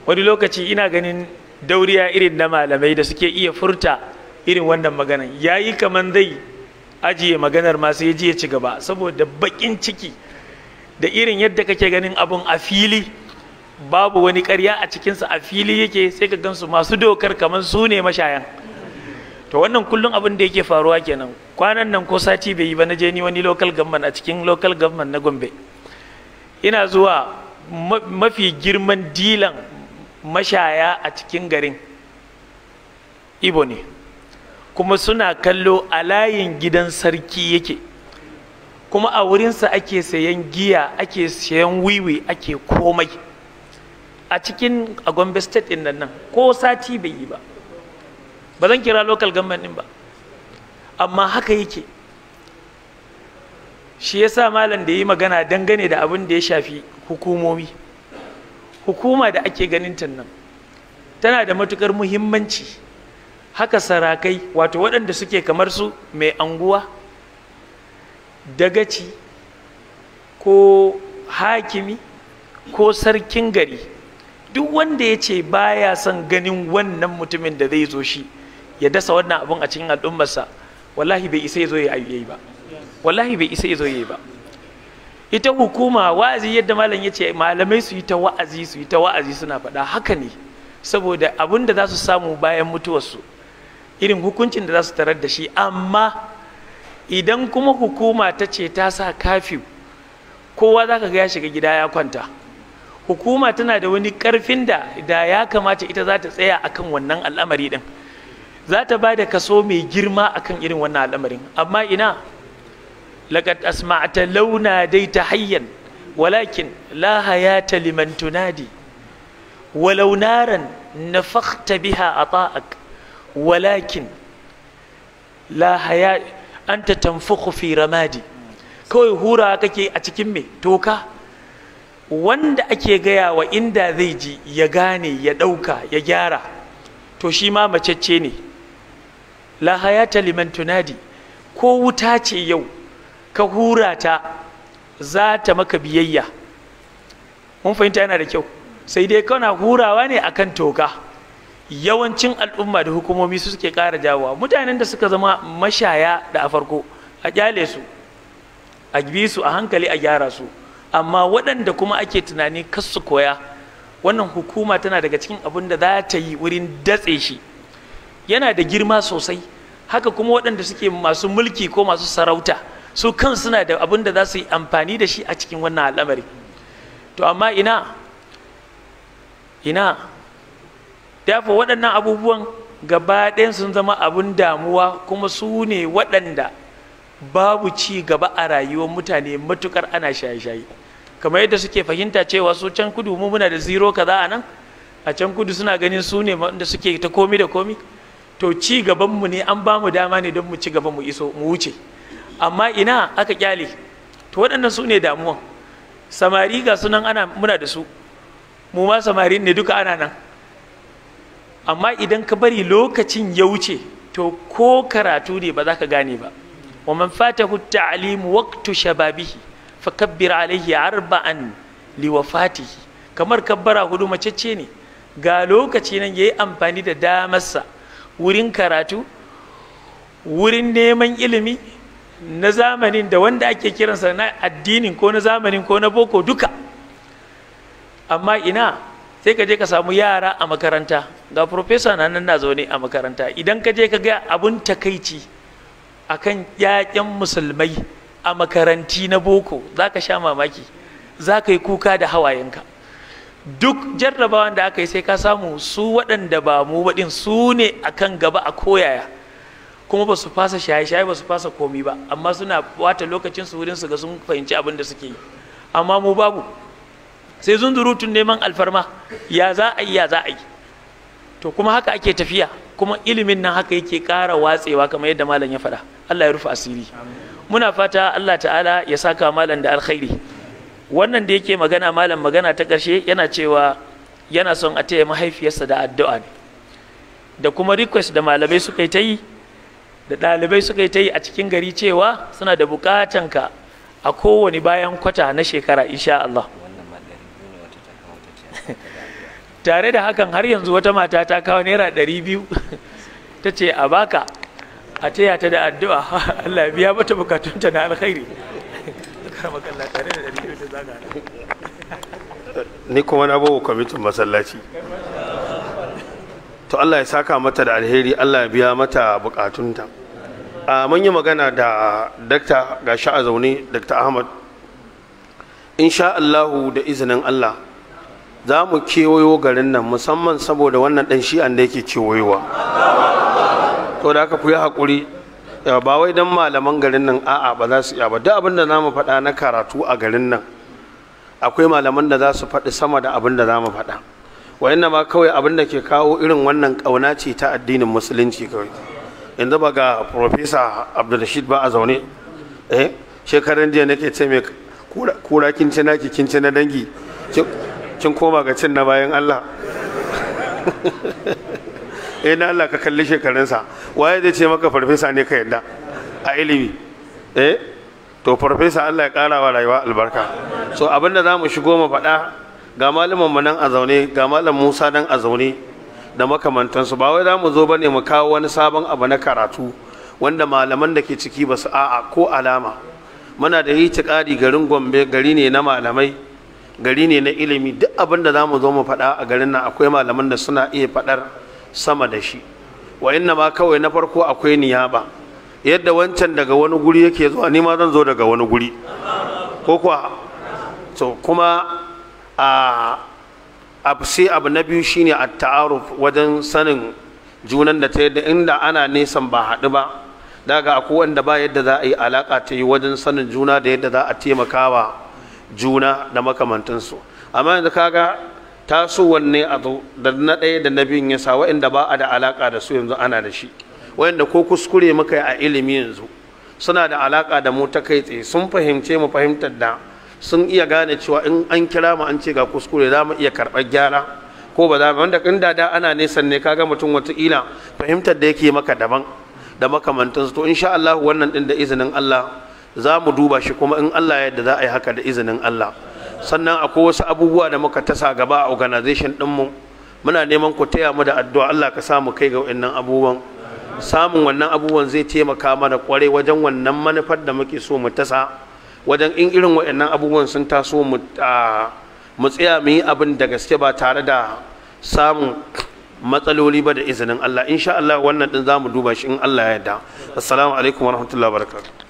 wani lokaci ina ganin dauriya irin na malamai da suke iya furta irin wannan maganan yayi kaman zai ajiye maganar masu sai ya ci gaba saboda bakin ciki da irin yadda kake ganin abun a fili babu wani karya a cikinsa a fili yake sai ka gansu masu dokar kamar su ne mashayan to wannan kullum abin da yake faruwa kenan kwanan nan ko sati bai yi ba na je ni wani local government a cikin local government na gombe ina zuwa mafi girman dilan mashaya a cikin garin ibo ne kuma suna kallo a layin gidan sarki yake kuma a wurinsa ake sayan giya ake sayan wiwi ake komai a cikin a gombe state din nan ko sati bai yi ba ba zan kira lokal government din ba amma haka yake shi ya sa malam da ya yi magana dangane da abin da ya shafi hukumomi hukuma da ake ganin nan tana da matukar muhimmanci haka sarakai wato waɗanda suke kamar su mai anguwa dagaci ko hakimi ko sarkin gari duk wanda ya ce baya son ganin wannan mutumin da zai zo shi ya dasa wannan abin a cikin al'ummarsa wallahi bai isa ya zo ya yi ba wallahi bai isa zo ya yi ba ita hukuma wa'azi yadda malam ya ce malamai su yi ta wa'azi su yi ta wa'azi suna faɗa haka ne saboda abin da za su samu bayan mutuwarsu irin hukuncin da za su tarar da shi amma idan kuma hukuma ta ce ta sa kafiyu kowa za ka ga ya shiga gida ya kwanta hukuma tana da wani karfin da da ya kamata ita za ta tsaya akan wannan al'amari din za ta ba da kaso mai girma akan irin wannan al'amarin amma ina laqad asma'ta launa dai ta hayyan walakin la hayata liman tunadi walau naran nafakhta biha walakin la haya anta tanfukhu fi ramadi kawai hura kake a cikin me toka wanda ake gaya wa inda zai ji ya gane ya ɗauka ya gyara to shi ma macecce ne la hayata liman tunadi ko wuta ce yau ka hura ta za ta maka biyayya mun fahimta yana da kyau sai dai kana hurawa ne akan toka yawancin al'umma da hukumomi su suke ƙara jawowa mutanen da suka zama mashaya da a farko a kyale su a bi su a hankali a gyara su amma waɗanda kuma ake tunani kas koya wannan hukuma tana daga cikin abin da za ta yi wurin datse shi yana da girma sosai haka kuma waɗanda suke masu mulki ko masu sarauta su kan suna da abin da za su yi amfani da shi a cikin wannan al'amari to amma ina ina dafa waɗannan abubuwan gaba ɗayan sun zama abin damuwa kuma su ne waɗanda babu ci gaba a rayuwar mutane matukar ana shaye-shaye kamar yadda suke fahimta cewa su can kudu mu muna da zero kaza a nan a can kudu suna ganin su ne wanda suke ta komi da komi to ci gabanmu ne an bamu dama ne don mu ci gaba mu iso mu wuce amma ina aka kyale to waɗannan su ne damuwan samari ga sunan ana muna da su mu ma samarin ne duka ana nan amma idan ka bari lokacin ya wuce to ko karatu ne ba za ka gane ba wa man fatahu ta'lim waqtu shababihi kabbir alayhi arba'an wafatihi kamar kabbara hudu macece ne ga lokaci nan yayi amfani da damarsa wurin karatu wurin neman ilimi na zamanin da wanda ake kiransa na addinin ko na zamanin ko na boko duka amma ina sai ka je ka samu yara a makaranta ga profesa na nan na zaune a makaranta idan ka je ka ga abun takaici a kan yaƙen musulmai a makaranti na boko za ka sha mamaki za ka yi kuka da hawayenka duk jarrabawan da aka yi sai ka samu su waɗanda ba mu baɗin su ne akan gaba a koyaya kuma ba su fasa shaye-shaye ba su fasa komi ba amma suna wata lokacinsu wurin su ga sun fahimci abin da suke yi amma mu babu sai zunzurutun neman alfarma ya za a yi ya za a yi to kuma haka ake tafiya kuma ilimin nan haka yake ƙara watsewa kamar yadda malam ya faɗa Allah ya rufe asiri muna fata Allah ta'ala ya saka malam da alkhairi wannan da yake magana malam magana ta ƙarshe yana cewa yana son a taya mahaifiyarsa da addu'a ne da kuma request da malamai suka yi ta yi da ɗalibai suka yi ta yi a cikin gari cewa suna da buƙatanka a kowane bayan kwata na shekara insha Allah tare da hakan har yanzu wata mata ta kawo naira ɗari biyu ta ce a baka a taya ta da addu'a Allah biya mata bukatunta na alkhairi ni kuma na bawa kwamitin masallaci to Allah ya saka mata da alheri Allah ya biya mata bukatunta a mun yi magana da dakta gashi a zaune dakta Ahmad insha Allahu da izinin Allah za mu kewayo garin nan musamman saboda wannan ɗan shi'an da yake kewayowa to da aka kuyi haƙuri ba wai don malaman garin nan a'a ba za su iya ba duk abin da za mu faɗa na karatu a garin nan akwai malaman da za su faɗi sama da abin da za mu faɗa wayanna ma kawai abin da ke kawo irin wannan ƙauna ce ta addinin musulunci kawai yanzu ba ga profesa abdulrashid ba a zaune eh shekaran jiya nake ce mai kura kin ci naki kin ci na dangi kin koma ga cin na bayan Allah eh na Allah ka kalli shekarunsa waye zai ce maka farfesa ne ka yadda a ilimi eh to farfesa Allah ya kara wa rayuwa albarka so abinda za mu shigo mu faɗa ga mu nan a zaune ga malam musa nan a zaune da makamantansu ba wai za mu zo ba ne mu kawo wani sabon abu na karatu wanda malaman da ke ciki ba su a'a ko alama muna da hitiƙari garin gombe gari ne na malamai gari ne na ilimi duk abin da za mu zo mu faɗa a garin nan akwai malaman da suna iya faɗar sama da shi wa inna ma kawai na farko akwai niyaba yadda wancan daga wani guri yake zuwa ni ma zan zo daga wani guri ko kuwa to kuma a abu abu na biyu shine at ta'aruf wajen sanin junan da ta yadda inda ana nesan ba haɗu ba daga akwai wanda ba yadda za a yi alaƙa ta yi wajen sanin juna da yadda za a taimakawa juna da makamantansu amma yanzu kaga tasowar ne a zo da na ɗaya da na biyun ya sa waɗanda ba a da alaƙa da su yanzu ana da shi wa'inda ko kuskure muka yi a ilimi yanzu suna da alaƙa da mu ta kai tsaye sun fahimce mu fahimtar da sun iya gane cewa in an kira mu an ce ga kuskure za mu iya karɓar gyara ko ba za mu wanda in da da ana nesan ne kaga mutum wataƙila fahimtar da yake maka daban da makamantansu to insha Allah wannan din da izinin Allah za mu duba shi kuma in Allah yadda za a yi haka da izinin Allah sannan akwai wasu abubuwa da muka tasa gaba a organization ɗinmu muna neman ku taya mu da addu'a Allah ka samu kai ga wannan abubuwan samun wannan abubuwan zai taimaka mana kware wajen wannan manufar da muke so mu tasa wajen in irin waannan abubuwan sun taso mu tsaya mu yi abin da gaske ba tare da samun matsaloli ba da izinin Allah insha Allah wannan din zamu duba shi in Allah ya yarda assalamu alaikum warahmatullahi wabarakatuh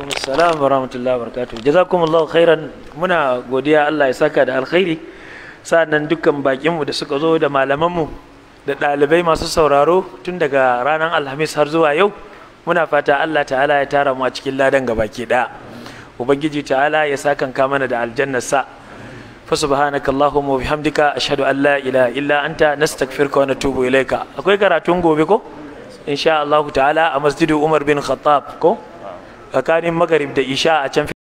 alaikum assalam wa rahmatullahi wa barakatuh jazakumullahu khairan muna godiya Allah ya saka da alkhairi sa'annan dukkan bakinmu da suka zo da malamanmu da ɗalibai masu sauraro tun daga ranar alhamis har zuwa yau muna fata Allah ta'ala ya tara mu a cikin ladan gabaki ɗaya ubangiji ta'ala ya sakanka mana da aljannarsa fa subhanaka allahumma wa bihamdika ashhadu an la ilaha illa anta nastaghfiruka wa natubu ilayka akwai karatun gobe ko insha Allah ta'ala a masjidin Umar bin Khattab ko tsakanin magarib da isha a can